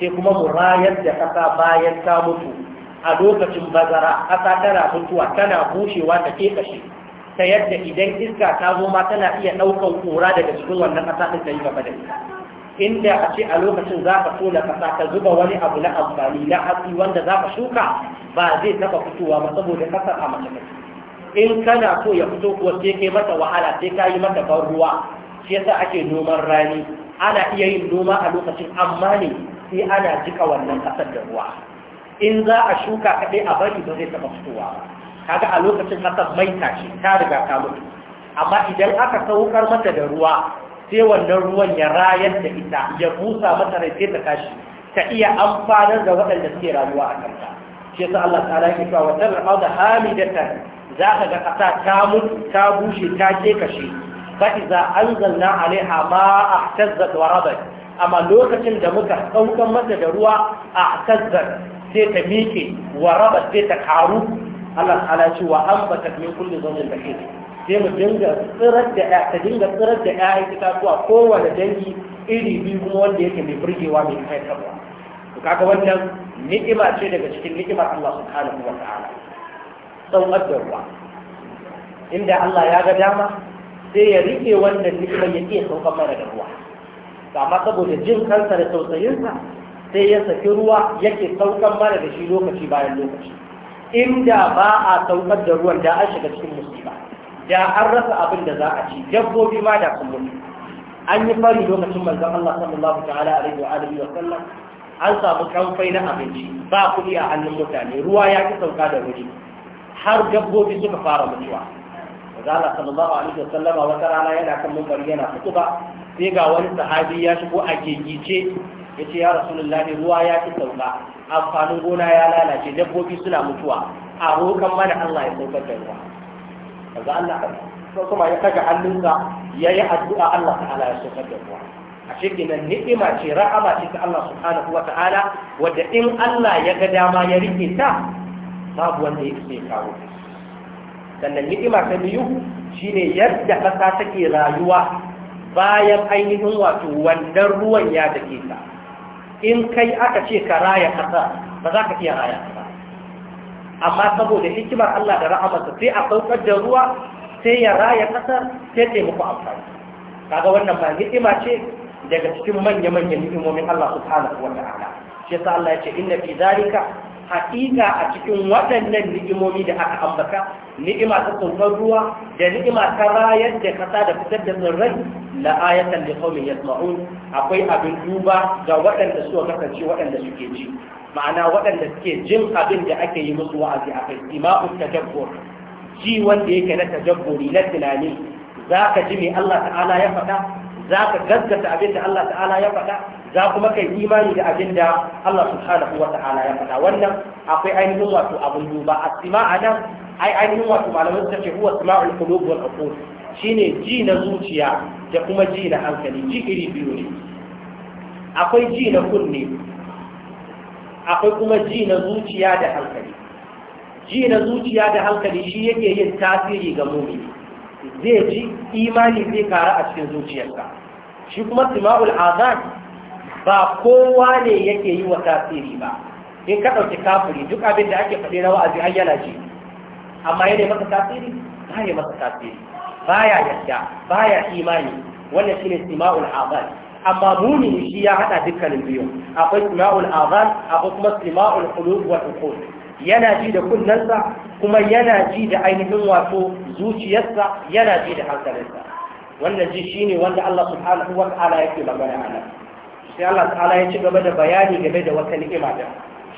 sai kuma mu rayar da kasa bayan ta mutu a lokacin bazara kasa tana mutuwa tana bushewa ta ke kashe ta yadda idan iska ta zo ma tana iya ɗaukan kura daga cikin wannan kasa din ta yi gaba da ita inda a ce a lokacin za ka tona kasa ka zuba wani abu na amfani na hatsi wanda za ka shuka ba zai taba fitowa ba saboda kasar a mace in kana so ya fito kuwa sai kai mata wahala sai ka yi mata ban ruwa shi yasa ake noman rani ana iya yin noma a lokacin amma ne sai ana jika wannan kasar da ruwa in za a shuka kaɗai a bari ba zai taba fitowa ba kaga a lokacin kasar mai tashi ta riga ta mutu amma idan aka saukar mata da ruwa sai wannan ruwan ya rayar da ita ya busa mata rai sai ta tashi ta iya amfanar da waɗanda suke rayuwa a kanta shi yasa Allah ta'ala yake cewa wannan ra'ada hamidatan za ka ga ƙasa ta mutu ta bushe ta ke kashe fa iza anzalna alaiha ma'a tazzat wa rabat amma lokacin da muka saukan mata da ruwa a tazzat sai ta miƙe wa rabat sai ta karu Allah ta'ala ce wa ambatat min kulli da bahir sai mu dinga tsirar da ya ta dinga tsirar da ya zuwa kowane dangi iri biyu kuma wanda yake mai burgewa mai kai haifarwa to kaga wannan ni'ima ce daga cikin ni'imar Allah subhanahu wa ta'ala tsawon da ruwa inda Allah ya ga dama sai ya rike wannan ni'imar ya iya sauka mana da ruwa amma saboda jin kansa da tausayinsa sai ya saki ruwa yake saukan mana da shi lokaci bayan lokaci inda ba a saukar da ruwan da an shiga cikin musiba da an rasa abin da za a ci dabbobi ma da an yi fari lokacin manzon Allah sallallahu ta'ala alaihi wa alihi wa sallam an samu kamfai na abinci ba kuɗi a hannun mutane ruwa ya ki sauka da wuri har dabbobi suka fara mutuwa manzon Allah sallallahu alaihi wa sallama wata rana yana kan mumbari yana kutuba sai ga wani sahabi ya shigo a gegice ya ce ya rasulullahi ruwa ya ki sauka amfanin gona ya lalace dabbobi suna mutuwa a rokan mana Allah ya saukar da ruwa kaza Allah ka kuma ya kaga hannunsa ya yi addu'a Allah ta'ala ya so da ruwa a cikin ni'ima ce ra'ama ce ta Allah subhanahu wa ta'ala wadda in Allah ya ga dama ya rike ta babu wanda ya ke kawo sannan ni'ima ta biyu shine yadda ƙasa take rayuwa bayan ainihin wato wannan ruwan ya dake ta in kai aka ce ka raya ƙasa ba za ka iya raya ta amma saboda hikimar Allah da rahamarsa sai a saukar da ruwa sai ya raya kasar sai taimako amfani kaga wannan ba hikima ce daga cikin manya-manyan ni'imomin Allah subhanahu wa ta'ala shi yasa Allah ya ce inna fi zalika haƙiƙa a cikin waɗannan ni'imomi da aka ambata ni'ima ta tsoron ruwa da ni'ima ta rayar da kasa da fitar da tsirrai la ayatan li qaumin yasma'un akwai abin duba ga waɗanda suka kasance waɗanda suke ji ma'ana waɗanda suke jin abin da ake yi musu wa'azi a kai ima'u tadabbur ji wanda yake na tadabburi na tunani zaka ji me Allah ta'ala ya faɗa za ka gaskata abin da Allah ta'ala ya faɗa za kuma kai imani da abin da Allah subhanahu wa ta'ala ya faɗa wannan akwai ainihin wato abin duba asima a nan ai ainihin wato malamin suka ce huwa sama'ul qulub wal aqul shine ji na zuciya da kuma ji na hankali ji iri biyu ne akwai ji na kunne akwai kuma ji na zuciya da hankali ji na zuciya da hankali shi yake yin tasiri ga mumini zai ji imani zai kara a cikin zuciyarsa shi kuma sima'ul azan ba kowa ne yake yi wa tasiri ba in ka ɗauki kafiri duk abin da ake faɗi na wa'azi har yana ji amma yana masa tasiri ba ya masa tasiri ba ya yarda ba ya imani wannan shi ne sima'ul azan amma muni shi ya haɗa dukkanin biyu akwai sima'ul azan akwai kuma sima'ul kulubuwar yana ji da kunnensa kuma yana ji da ainihin wato zuciyarsa yana ji da hankalinsa wannan ji shine wanda Allah subhanahu wa ta'ala yake magana a nan sai Allah ta'ala ya ci gaba da bayani game da wata ni'ima da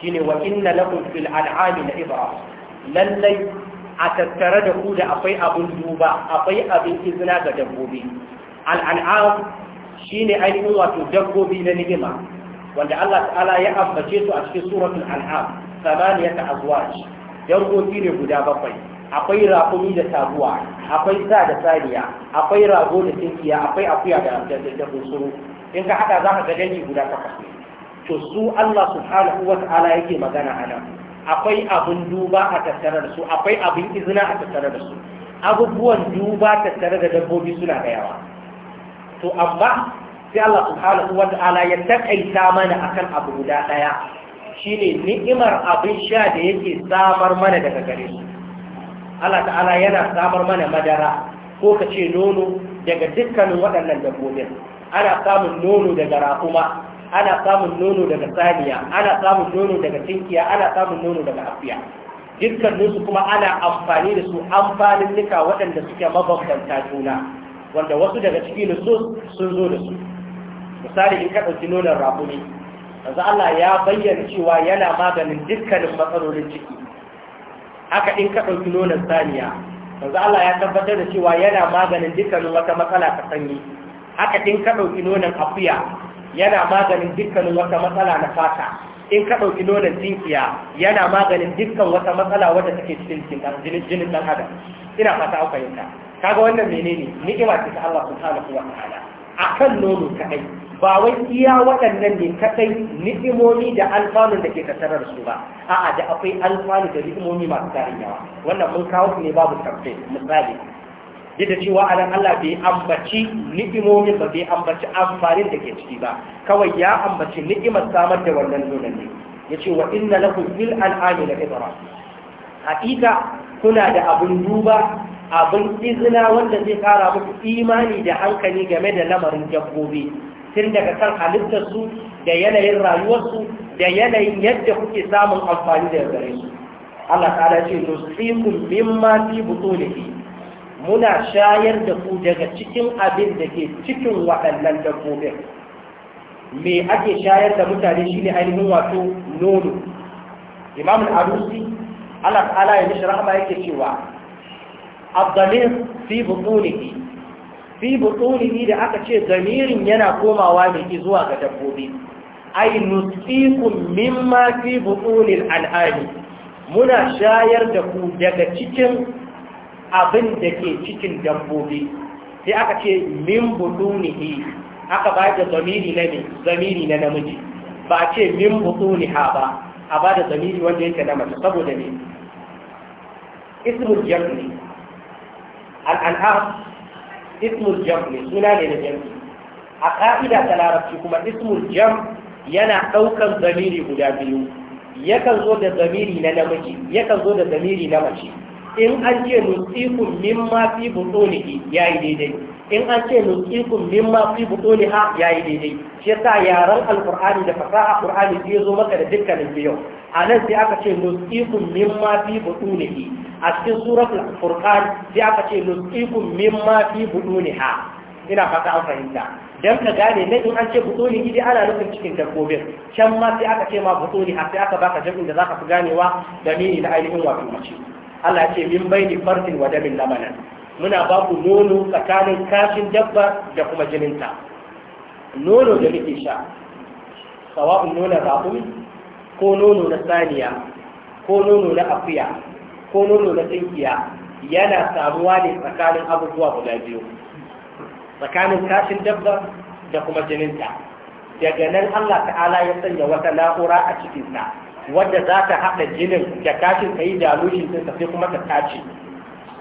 shine wa inna lakum fil an'ami la ibra lallai a tattare da ku da akwai abin duba akwai abin izina ga dabbobi al'an'am shine ainihin wato dabbobi na ni'ima wanda Allah ta'ala ya ambace su a cikin suratul an'am samaniyata azwaj dangogi ne guda bakwai akwai raƙumi da taguwa akwai sa da saniya akwai rago da tinkiya akwai akuya da da bunsuru in ka hada za ka ga dangi guda takwas to su Allah subhanahu wa ta'ala yake magana a akwai abun duba a tattare da su akwai abun izina a tattare da su abubuwan duba tattare da dabbobi suna da yawa to amma sai Allah subhanahu wa ta'ala ya takaita mana akan abu guda daya shine ni'imar abin sha da yake samar mana daga gare shi Allah ta'ala yana samar mana madara ko ka ce nono daga dukkanin waɗannan dabbobin ana samun nono daga raƙuma ana samun nono daga saniya ana samun nono daga tinkiya ana samun nono daga afiya dukkanin su kuma ana amfani da su amfanin nika waɗanda suke mabambanta juna wanda wasu daga ciki cikin su sun zo da su misali in ka ɗauki nonon raƙumi yanzu Allah ya bayyana cewa yana maganin dukkanin matsalolin ciki haka in ka ɗauki nonon saniya yanzu Allah ya tabbatar da cewa yana maganin dukkanin wata matsala ta sanyi haka in ka ɗauki nonon akuya yana maganin dukkanin wata matsala na fata in ka ɗauki nonon tinkiya yana maganin dukkan wata matsala wadda take cikin jinin ɗan adam ina fata an fahimta kaga wannan menene ni'ima ce ta Allah subhanahu wa ta'ala a kan nono kaɗai ba wai iya waɗannan ne kaɗai ni'imomi da alfanun da ke tattarar su ba a'a da akwai alfanu da ni'imomi masu tarin yawa wannan mun kawo su ne babu tamfe misali duk da cewa a Allah bai ambaci ni'imomin ba bai ambaci amfanin da ke ciki ba kawai ya ambaci ni'imar samar da wannan nonon ne ya ce wa inna lakum fil al'ami la ibra hakika kuna da abin duba abin izina wanda zai kara muku imani da hankali game da lamarin dabbobi tun daga kan halittarsu da yanayin rayuwarsu da yanayin yadda kuke samun amfani da gare su Allah ta'ala ce nusikum mimma fi ke. muna shayar da ku daga cikin abin da ke cikin waɗannan dabbobin me ake shayar da mutane shine ainihin wato nono imam al-arusi Allah ta'ala ya mishi rahama yake cewa abdalin fi butunihi fi da aka ce zamirin yana komawa ne zuwa ga dabbobi ai nutsikun mimma fi butunil al'ani muna shayar da ku daga cikin abin da ke cikin dabbobi sai aka ce min butunihi aka ba da zamiri na zamiri na namiji ba ce min butuniha ba a ba da zamiri wanda yake na mace saboda ne ismul jam'i al'an'am ismul jam ne suna ne na jam'i a ƙa'ida ta larabci kuma ismul jam yana ɗaukan zamiri guda biyu yakan zo da zamiri na namiji yakan zo da zamiri na mace in an ce nusikun mimma fi ya yayi daidai in an ce nuqikum mimma fi ha yayi daidai shi yasa yaran alqur'ani da fasaha qur'ani zai zo maka da dukkanin biyo a nan sai aka ce nuqikum mimma fi butunihi a cikin suratul furqan sai aka ce nuqikum mimma fi butuniha ina fata an fahimta dan ka gane nan in an ce butuni idi ana nufin cikin dabbobin can ma sai aka ce ma butuni ha sai aka baka jami'in da zaka fi ganewa da ni na ainihin wato mace Allah ya ce min baini farsin wa damin lamanan muna ba ku nono tsakanin kashin dabba da kuma jininta nono da muke sha sawa'un nono raƙumi ko nono na saniya ko nono na akuya ko nono na tsinkiya yana samuwa ne tsakanin abubuwa guda biyu tsakanin kashin dabba da kuma jininta daga nan Allah ta'ala ya sanya wata na'ura a cikinta wadda za ta haɗa jinin da kashin ka yi dalushin sun sai kuma ta tace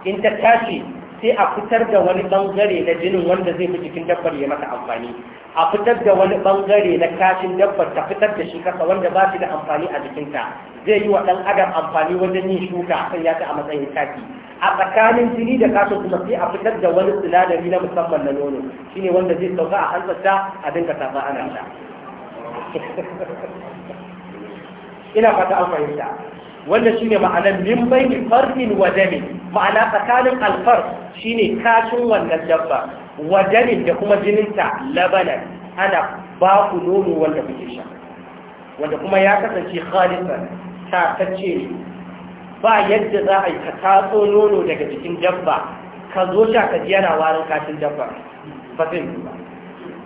in ta tace sai a fitar da wani bangare na jinin wanda zai fi jikin dabbar ya mata amfani a fitar da wani bangare na kashin dabbar ta fitar da shi kasa wanda ba shi da amfani a jikinta zai yi wa ɗan adam amfani wajen yin shuka a kan yata a matsayin kaki a tsakanin jini da kashin kuma sai a fitar da wani sinadari na musamman na nono shine wanda zai sauka a hanzarta a dinga tafa ana ta ina fata amfani ta. wanda shine ma'anar min baini farfin wa dami ma'ana tsakanin alfar shine kashin wannan dabba wa da kuma jininta labanan ana ba ku nono wanda kuke sha wanda kuma ya kasance khalisan ta tace ba yadda za a yi ka tatso nono daga jikin dabba ka zo sha ka ji yana warin kashin dabba ba zai ba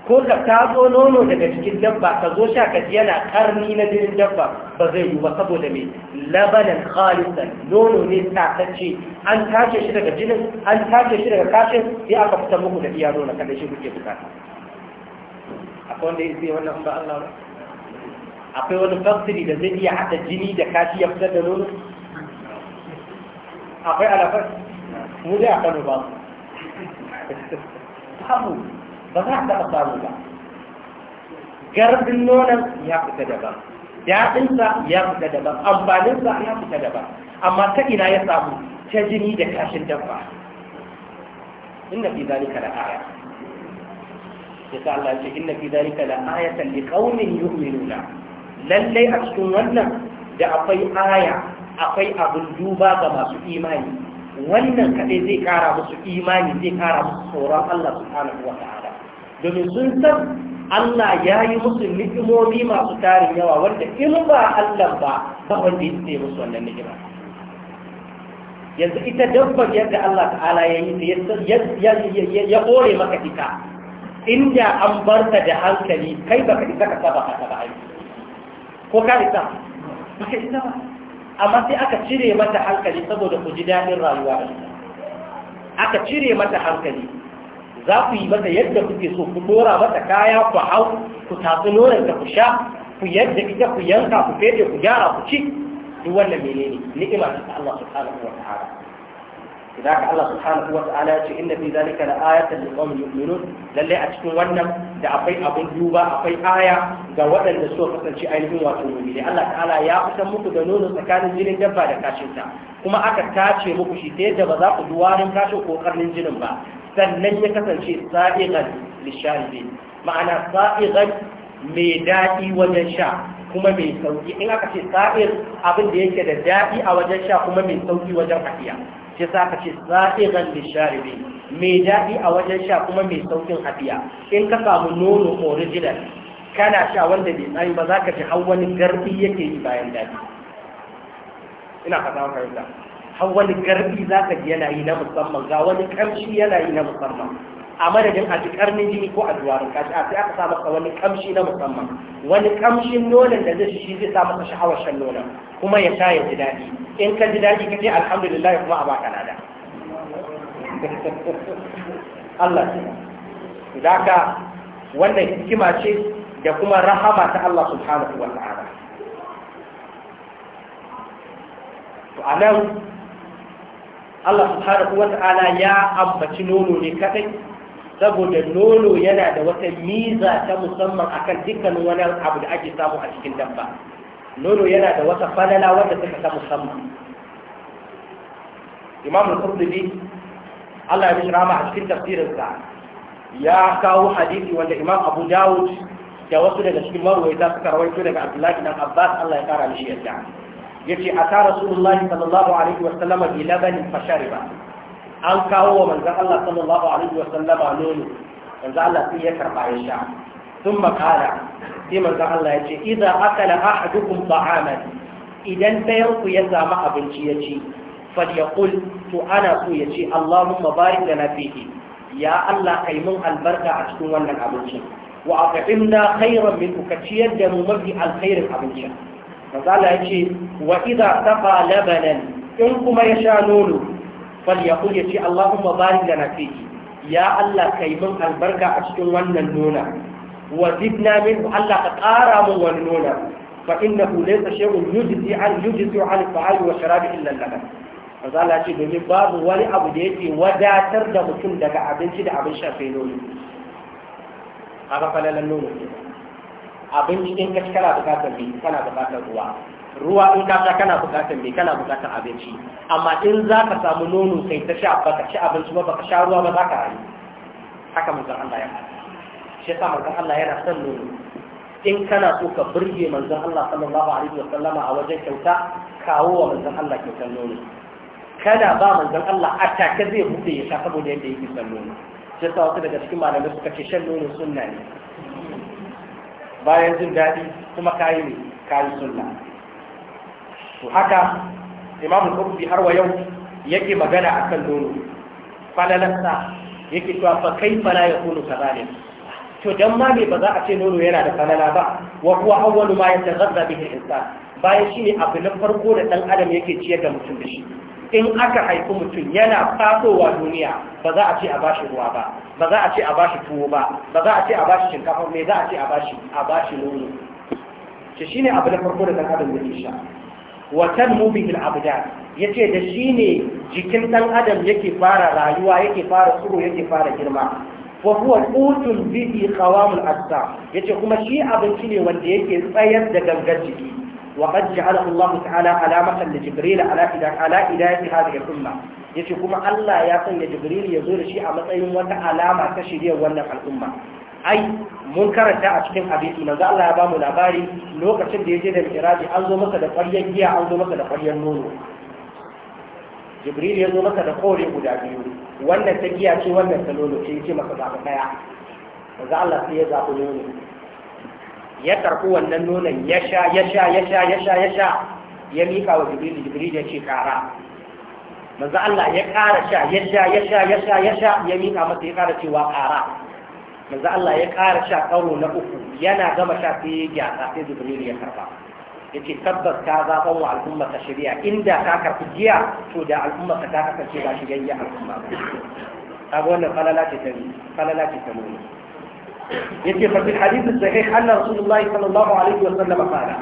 ko ka ta nono daga cikin dabba ka zo sha ka ji yana karni na jirin dabba ba zai yi ba saboda mai labanan khalisan nono ne tatacce an tace shi daga jinin an tace shi daga kashin sai aka fitar muku da iya nono kada shi kuke bukata akwai wanda ya wannan ba Allah ba akwai wani fassiri da zai iya hada jini da kashi ya fitar da nono akwai alafar mu dai a kano ba mu ba za ka taɓa samu ba garbin nonon ya fita daban daɗinsa ya fita daban amfaninsa ya fita daban amma ta ina ya samu ta jini da kashin dabba inna fi zalika la aya yasa Allah ce inna fi zalika la ayatan li qaumin yu'minuna lallai a cikin wannan da akwai aya akwai abin duba ga masu imani wannan kaɗai zai ƙara musu imani zai ƙara musu tsoron Allah subhanahu wa ta'ala domin sun san Allah ya yi musu nikimomi masu tarin yawa wanda in ba Allah ba ba wanda ya tsaye musu wannan nikima yanzu ita dabbar yadda Allah ta'ala ya yi ya kore maka ita inda an bar ta da hankali kai ka isa ka saba ka ba ko ka isa baka isa ba amma sai aka cire mata hankali saboda ku ji daɗin rayuwa da aka cire mata hankali za ku yi mata yadda kuke so ku dora mata kaya ku hau ku tatsi nonanta ku sha ku yadda ita ku yanka ku fete, ku gyara ku ci duk wannan menene ni'ima ce ta Allah subhanahu wa ta'ala idan ka Allah subhanahu wa ta'ala ya ce inna fi zalika la ayatan lil qaumin yu'minun lalle a cikin wannan da akwai abin duba akwai aya ga waɗanda suka kasance ainihin wato mu'mini Allah ta'ala ya fitar muku da nono tsakanin jinin dabba da kashin ta kuma aka tace muku shi ta yadda ba za ku ji warin kashin ko karnin jinin ba sannan ya kasance sa'iran lisharibi ma'ana sa'iran mai daɗi wajen sha kuma mai sauƙi in aka ce sa'ir abin yake da daɗi a wajen sha kuma mai sauƙi wajen haɗiya ce sa aka ce sa'iran lisharibi mai daɗi a wajen sha kuma mai sauƙin haɗiya in ka samu nono original kana sha wanda bai tsayi ba za ka ji har wani garbi yake yi bayan daɗi ina fahimta har wani garbi za ka ji yana yi na musamman ga wani kamshi yana yi na musamman a madadin a karnin jini ko a duwarin kashi a sai aka sa masa wani kamshi na musamman wani kamshin nonon da zai shi zai sa masa sha'awar shan nonon kuma ya sha ya ji daɗi in ka ji daɗi ka ce alhamdulillah kuma a baka lada Allah ce da ka wannan hikima ce da kuma rahama ta Allah subhanahu wa ta'ala to anan Allah subhanahu wata'ala ya ambaci nono ne kadai saboda nono yana da wata miza ta musamman akan dukkan wani abu da ake samu a cikin dabba nono yana da wata falala wadda suka ta musamman imam al-qurtubi Allah ya bishira a cikin tafsirinsa ya kawo hadisi wanda imam abu dawud da wasu daga cikin marwaita suka rawaito daga abdullahi dan abbas Allah ya kara mishi yadda yace ata rasulullahi sallallahu alaihi wasallam bi labanin ba. an kawo wa manzon Allah sallallahu alaihi wasallam nono manzon Allah sai ya karba ya sha thumma qala sai manzon Allah yace idza akala ahadukum ta'aman idan dayan ku ya samu abinci ya ci ya falyaqul to ana so ya ce Allahumma barik lana fihi ya Allah kai mun albarka a cikin wannan abincin wa a aqimna khayran min ka ciyar da mu mafi alkhairin abincin misali ya ce wa idza tafa labanan in kuma ya sha nono fal ya ya ce allahumma barik na fihi ya allah ka yi min albarka a cikin wannan nona wa zidna min allah ka ƙara min wani nona fa innahu laysa shay'un yujzi an yujzi an fa'al wa sharabi illa laban misali ya ce domin babu wani abu da yake wadatar da mutum daga abinci da abin sha sai nono haka falalan nono kenan Abin in ka kana bukatar me kana bukatar ruwa ruwa in ka sha kana bukatar me kana bukatar abinci amma in za ka samu nono kai ta sha baka ci abinci ba baka sha ruwa ba za ka rayu haka manzon Allah ya faɗa shi yasa manzon Allah yana son nono in kana so ka burge manzon Allah sallallahu alaihi wa sallama a wajen kyauta kawo wa manzon Allah kyautar nono kada ba manzon Allah a take zai bude ya sha saboda yadda yake son nono shi yasa wasu daga cikin malamai suka ce shan nono sunna ne bayan jin daɗi kuma kayi ne kayi sunna to haka imamu kurbi har wa yau yake magana akan nono falalasta yake cewa fa kai fala ya kunu kadhalik to dan ma ne ba za a ce nono yana da falala ba wa huwa awwalu ma yataghadha bihi al-insan bayan shine abu na farko da dan adam yake ciyar da mutum da shi in aka haifi mutum yana fasowa duniya ba za a ce a bashi ruwa ba ba za a ce a bashi tuwo ba ba za a ce a bashi shinkafa mai za a ce a bashi a bashi nono shi shine abu da farko da dan adam yake sha wa tanmu bihi al-abdan yace da shine jikin dan adam yake fara rayuwa yake fara tsuro yake fara girma wa huwa qutun bihi qawamul asta yace kuma shi abinci ne wanda yake tsayar da gangar jiki وقد جعله الله تعالى علامة لجبريل على على هداية هذه الأمة yace kuma Allah ya sanya Jibril ya zo da shi a matsayin wata alama ta shirya wannan al'umma mun karanta a cikin hadisi manzo Allah ya bamu labari lokacin da yaje da Miraji an zo masa da ƙwaryar giya an zo masa da ƙwaryar nono Jibril ya zo masa da kore guda biyu wannan ta giya wannan ce Allah sai ya zaɓi nono ya karɓi wannan nonon ya sha ya sha ya sha ya sha ya sha ya miƙa wa jibril jibril ya ce ƙara manzo Allah ya ƙara sha ya sha ya sha ya sha ya sha ya mika masa ya ƙara cewa ƙara manzo Allah ya ƙara sha karo na uku yana gama sha sai ya gyara sai jibril ya karɓa yace tabbas ka zaɓan wa al'umma ta shari'a inda ka karfi jiya to da al'umma ta kasance ba shigayya al'umma kaga wannan falala ce ta falala ce ta nuni يمكن ففي الحديث الصحيح أن رسول الله صلى الله عليه وسلم قال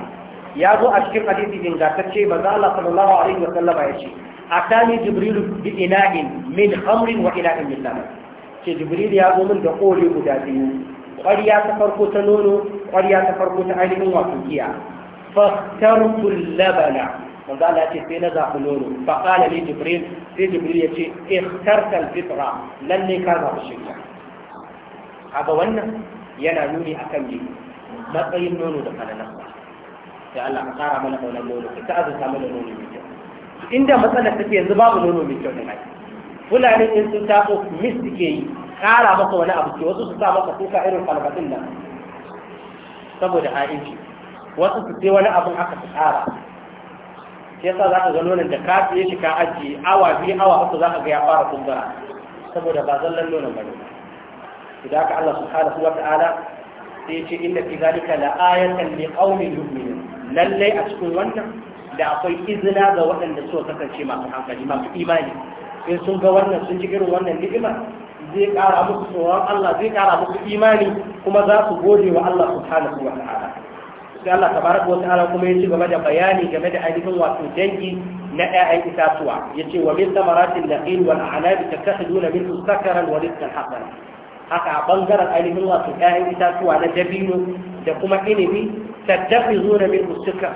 يا أبو أشكر حديثي جنجا تشي بزالة صلى الله عليه وسلم يشي أتاني جبريل بإناء من خمر وإناء من لبن شي جبريل يا أبو من دقول مجازين قريا تفرقو تنونو قريا تفرقو تعلم وفكيا فاخترت اللبن وقال لك فين ذا فقال لي جبريل في جبريل يشي اخترت الفطرة لن يكرر الشيطان kaga wannan yana nuni akan ne matsayin nono da falalarsa sai Allah ka kara mana kaunar nono ka ta azurta mana nono mai kyau inda matsalar take yanzu babu nono mai kyau ne mai fulani in sun taso mis suke yi kara masa wani abu ke wasu su sa masa kuka irin falbatin nan saboda ha'inci wasu su sai wani abun aka su kara shi yasa za ka ga nonon da ka tsaye shi ka ajiye awa biyu awa uku za ka ga ya fara kumbura saboda ba zallan nonon ba ne da haka Allah subhanahu wa ta'ala sai ya ce inda fi zalika la ayatan li qaumin yu'minun lalle a cikin wannan da akwai izina ga waɗanda suka kasance masu hankali masu imani in sun ga wannan sun ji irin wannan ni'ima zai ƙara musu tsoron Allah zai ƙara musu imani kuma za su gode wa Allah subhanahu wa ta'ala sai Allah tabaraka wa ta'ala kuma ya ci gaba da bayani game da ainihin wato dangi na ƴaƴan itatuwa yace wa min thamaratin naqil wal a'nab takathuduna minhu sakaran wa rizqan hasana haka a bangaren ainihin wasu ƴaƴan itatuwa na dabino da kuma ilimi dafi zuna min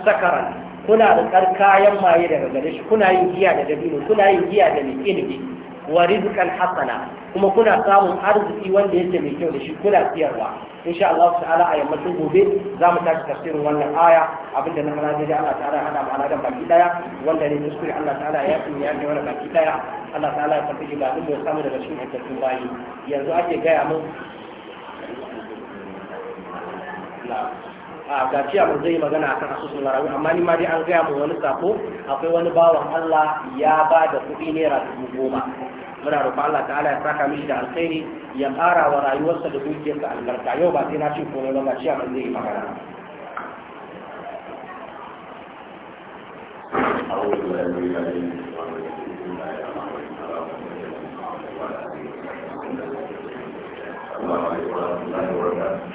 sakaran kuna da kayan maye daga gare shi kuna yin giya da dabino kuna yin giya da ilimi wa rizqan hasana kuma kuna samun arziki wanda yake mai kyau da shi kuna siyarwa insha Allah ta'ala a yammacin gobe za mu tashi tafsirin wannan aya abinda na fara daidai Allah ta'ala hada ma aladan baki daya wanda ne kuskure Allah ta'ala ya yi ya ne wannan baki daya Allah ta'ala ya tafi ga abin da ya samu daga cikin hakkin yanzu ake gaya mun a gaci mun zai magana a akan asusun larabi amma ni ma dai an gaya mun wani sako akwai wani bawan Allah ya ba da kuɗi naira dubu goma muna roƙon Allah ta'ala ya saka mishi da alkhairi ya ƙara wa rayuwarsa da dukiyarsa albarka yau ba sai na ce komai ba gaci mun zai magana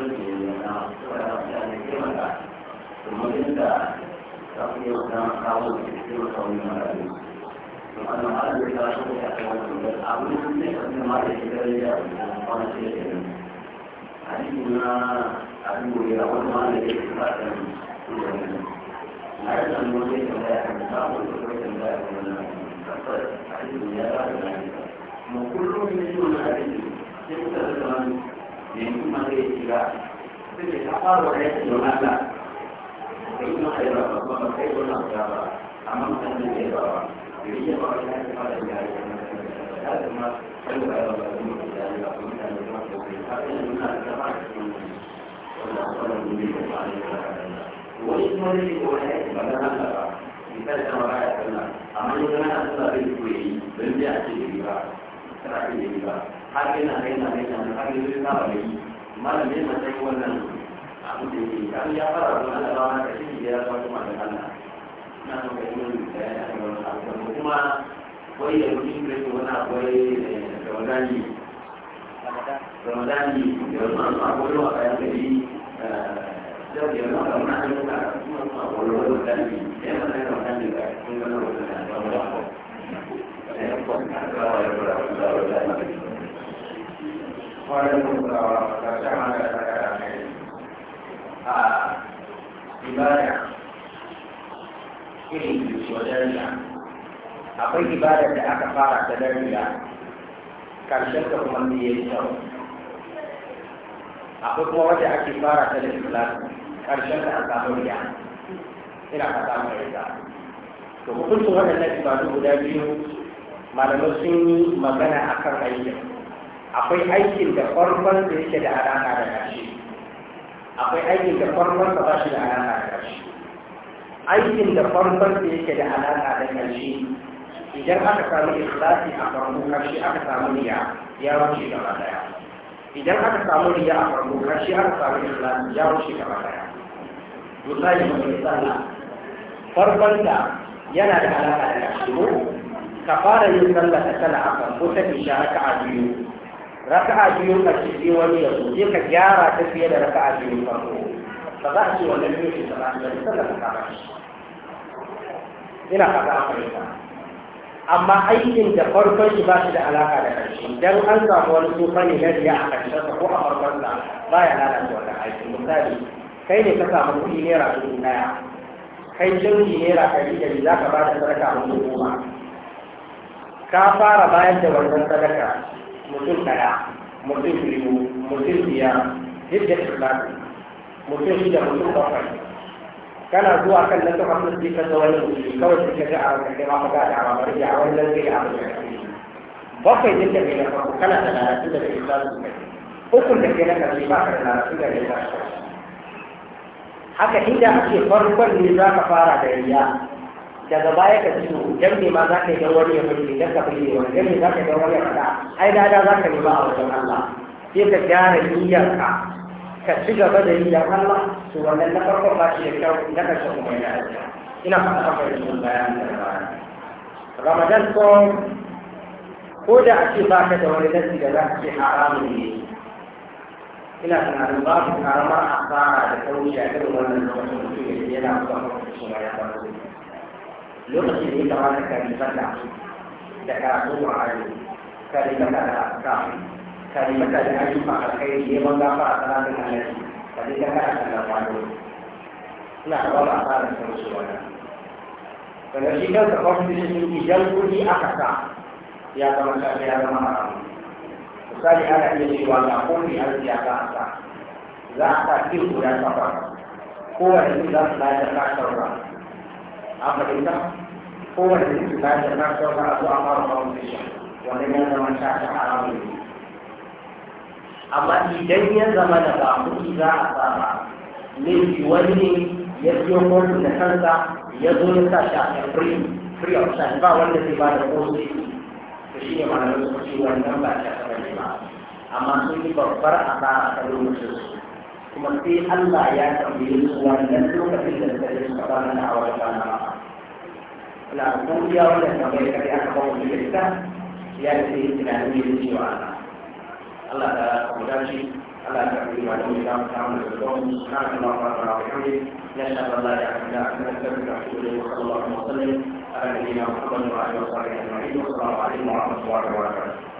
kamar yadda za ku iya wata kawo da ke cewa kawo na rayu to ana ma'ana da ta so ya kawo da wani abu da sun ne wani ma da ke gare da wani ce da ne a cikin na abin gobe a wani ma da ke kuma da ne na yi zan wani ya tambaya kan samu da kuma tambaya kan wani kasar a cikin ya ba da rani mu kullum ne shi wani abin sai kuka da kamar yanzu ma zai shiga suke ta fara wani yake don Allah kai ma a yaba babba ba kai wani abu ba amma mutane da yaba ba bai iya ba wani yaki ma da yari ya zama kan da yaba ba su mutu da yaba ba mutane da masu kai ta ɗaya nuna da ta ba a cikin wanda wanda ne da ba a yi da wani kuma ne ko wani yaki ba na nan ba misali kama ba ya sallah amma ne kana sallah bai ko yi don bai a ce da riba kana ce da riba har yana kai na kai na har yanzu ya saba da yi malam ne matsayin wannan abin da da kuma ga a ibada irin wadariya akwai ibada da aka fara ta dariya karshen ta kuma ne ya yi tsawo akwai kuma wadda ake fara ta da ikhlasi karshen ta an samu riya ina ka samu riya to hukuncin waɗannan ibadu guda biyu malamai sun yi magana akan aikin akwai aikin da farkon da yake da alaƙa da ƙarshe akwai aikin da farkon ka ba shi da alaƙa da ƙarshe aikin da farkon da yake da alaƙa da ƙarshe idan aka samu ikhlasi a farko ƙarshe aka samu riya ya wuce gaba daya idan aka samu niyya a farko ƙarshe aka samu ikhlasi ya wuce gaba daya misali mai sallah farkon da yana da alaƙa da ƙarshe ka fara yin sallah ta kala a farko ta isha a biyu raka'a biyu ka ce sai wani ya zo je ka gyara ta fiye da raka'a biyu farko ba za a ce wannan biyu ce sana'a da ta da kama ina fata a fahimta amma aikin da farkon shi ba shi da alaka da ƙarshe idan an samu wani tsofa ne na riya a ƙarshensa ko a farkon sa ba ya lalata wannan aikin misali kai ne ka samu kuɗi naira dubu ɗaya kai canji naira ɗari ɗari za ka ba da sadaka a goma ka fara bayar da wannan sadaka mutum ɗaya mutum biyu mutum biyar yadda islami mutum shida mutum bakwai kana zuwa kan nan kafa sun jika da wani mutum kawai suke ga a ranka kai ma ka da ma bari a wani nan zai a ranka bakwai din da kai na farko kana da lalatu da kai su kai hukun da ke na karshe ba ka da lalatu da kai islami haka inda ake farkon ne za ka fara da yaya. daga baya ka ci dan me ma za ka yi wani ya fadi dan ka fadi wani dan me za ka yi wani ya fada ai da da za ka nema a wajen Allah sai ka gyara niyyarka ka ci gaba da yi dan Allah to wannan na farko ba shi da kyau na karshe kuma yana da ina fata ka yi bayan da Ramadan ko ko da a ce ba ka da wani nasi da za ka ce haramun ne ina tunanin babu karamar asara da ta wuce a irin wannan lokacin mutum yana kuma kuma kuma ya fara lokacin da ya kamata ka ribar da da karatu wa ayo ka ribar da ka ka ribar da ayyuka alkhairi neman gafara salatin alaji ka ribar da ka da kwado ina da wani asarar da wasu wani daga shi kansa constitution idan kuɗi aka sa ya zama shafi ya zama haram misali ana iya cewa ga kofi an siya za a za a sa kin guda kafa kowane kin za su lada ka saura a fahimta kowane da su tashi na sauka a zuwa mara foundation wani ya zama tashi haramun ne amma idan ya zama da ba kuɗi za a saba laifi wani ne ya biyo kotun da kansa ya zo ya sa shi a kan free free of charge ba wanda zai ba da kotu to shi ne ma'anar su ce wannan ba ta taɓa ne ba amma sun yi babbar asara ta lokacin su kuma sai Allah ya tambaye su wannan lokacin da suka je suka ba na da'awar ba na ba العنصرية ولا التغيير الذي أخبره بالإسلام يأتي بتعليم الدين وعلى الله تعالى قبلاتي الله تعالى وعلم الله تعالى بالدوم سبحانك اللهم ربنا وبحمدك نشهد أن لا إله إلا أنت نستغفرك ونتوب إليك وصلى الله وسلم على نبينا محمد وعلى آله وصحبه أجمعين والسلام عليكم ورحمة الله وبركاته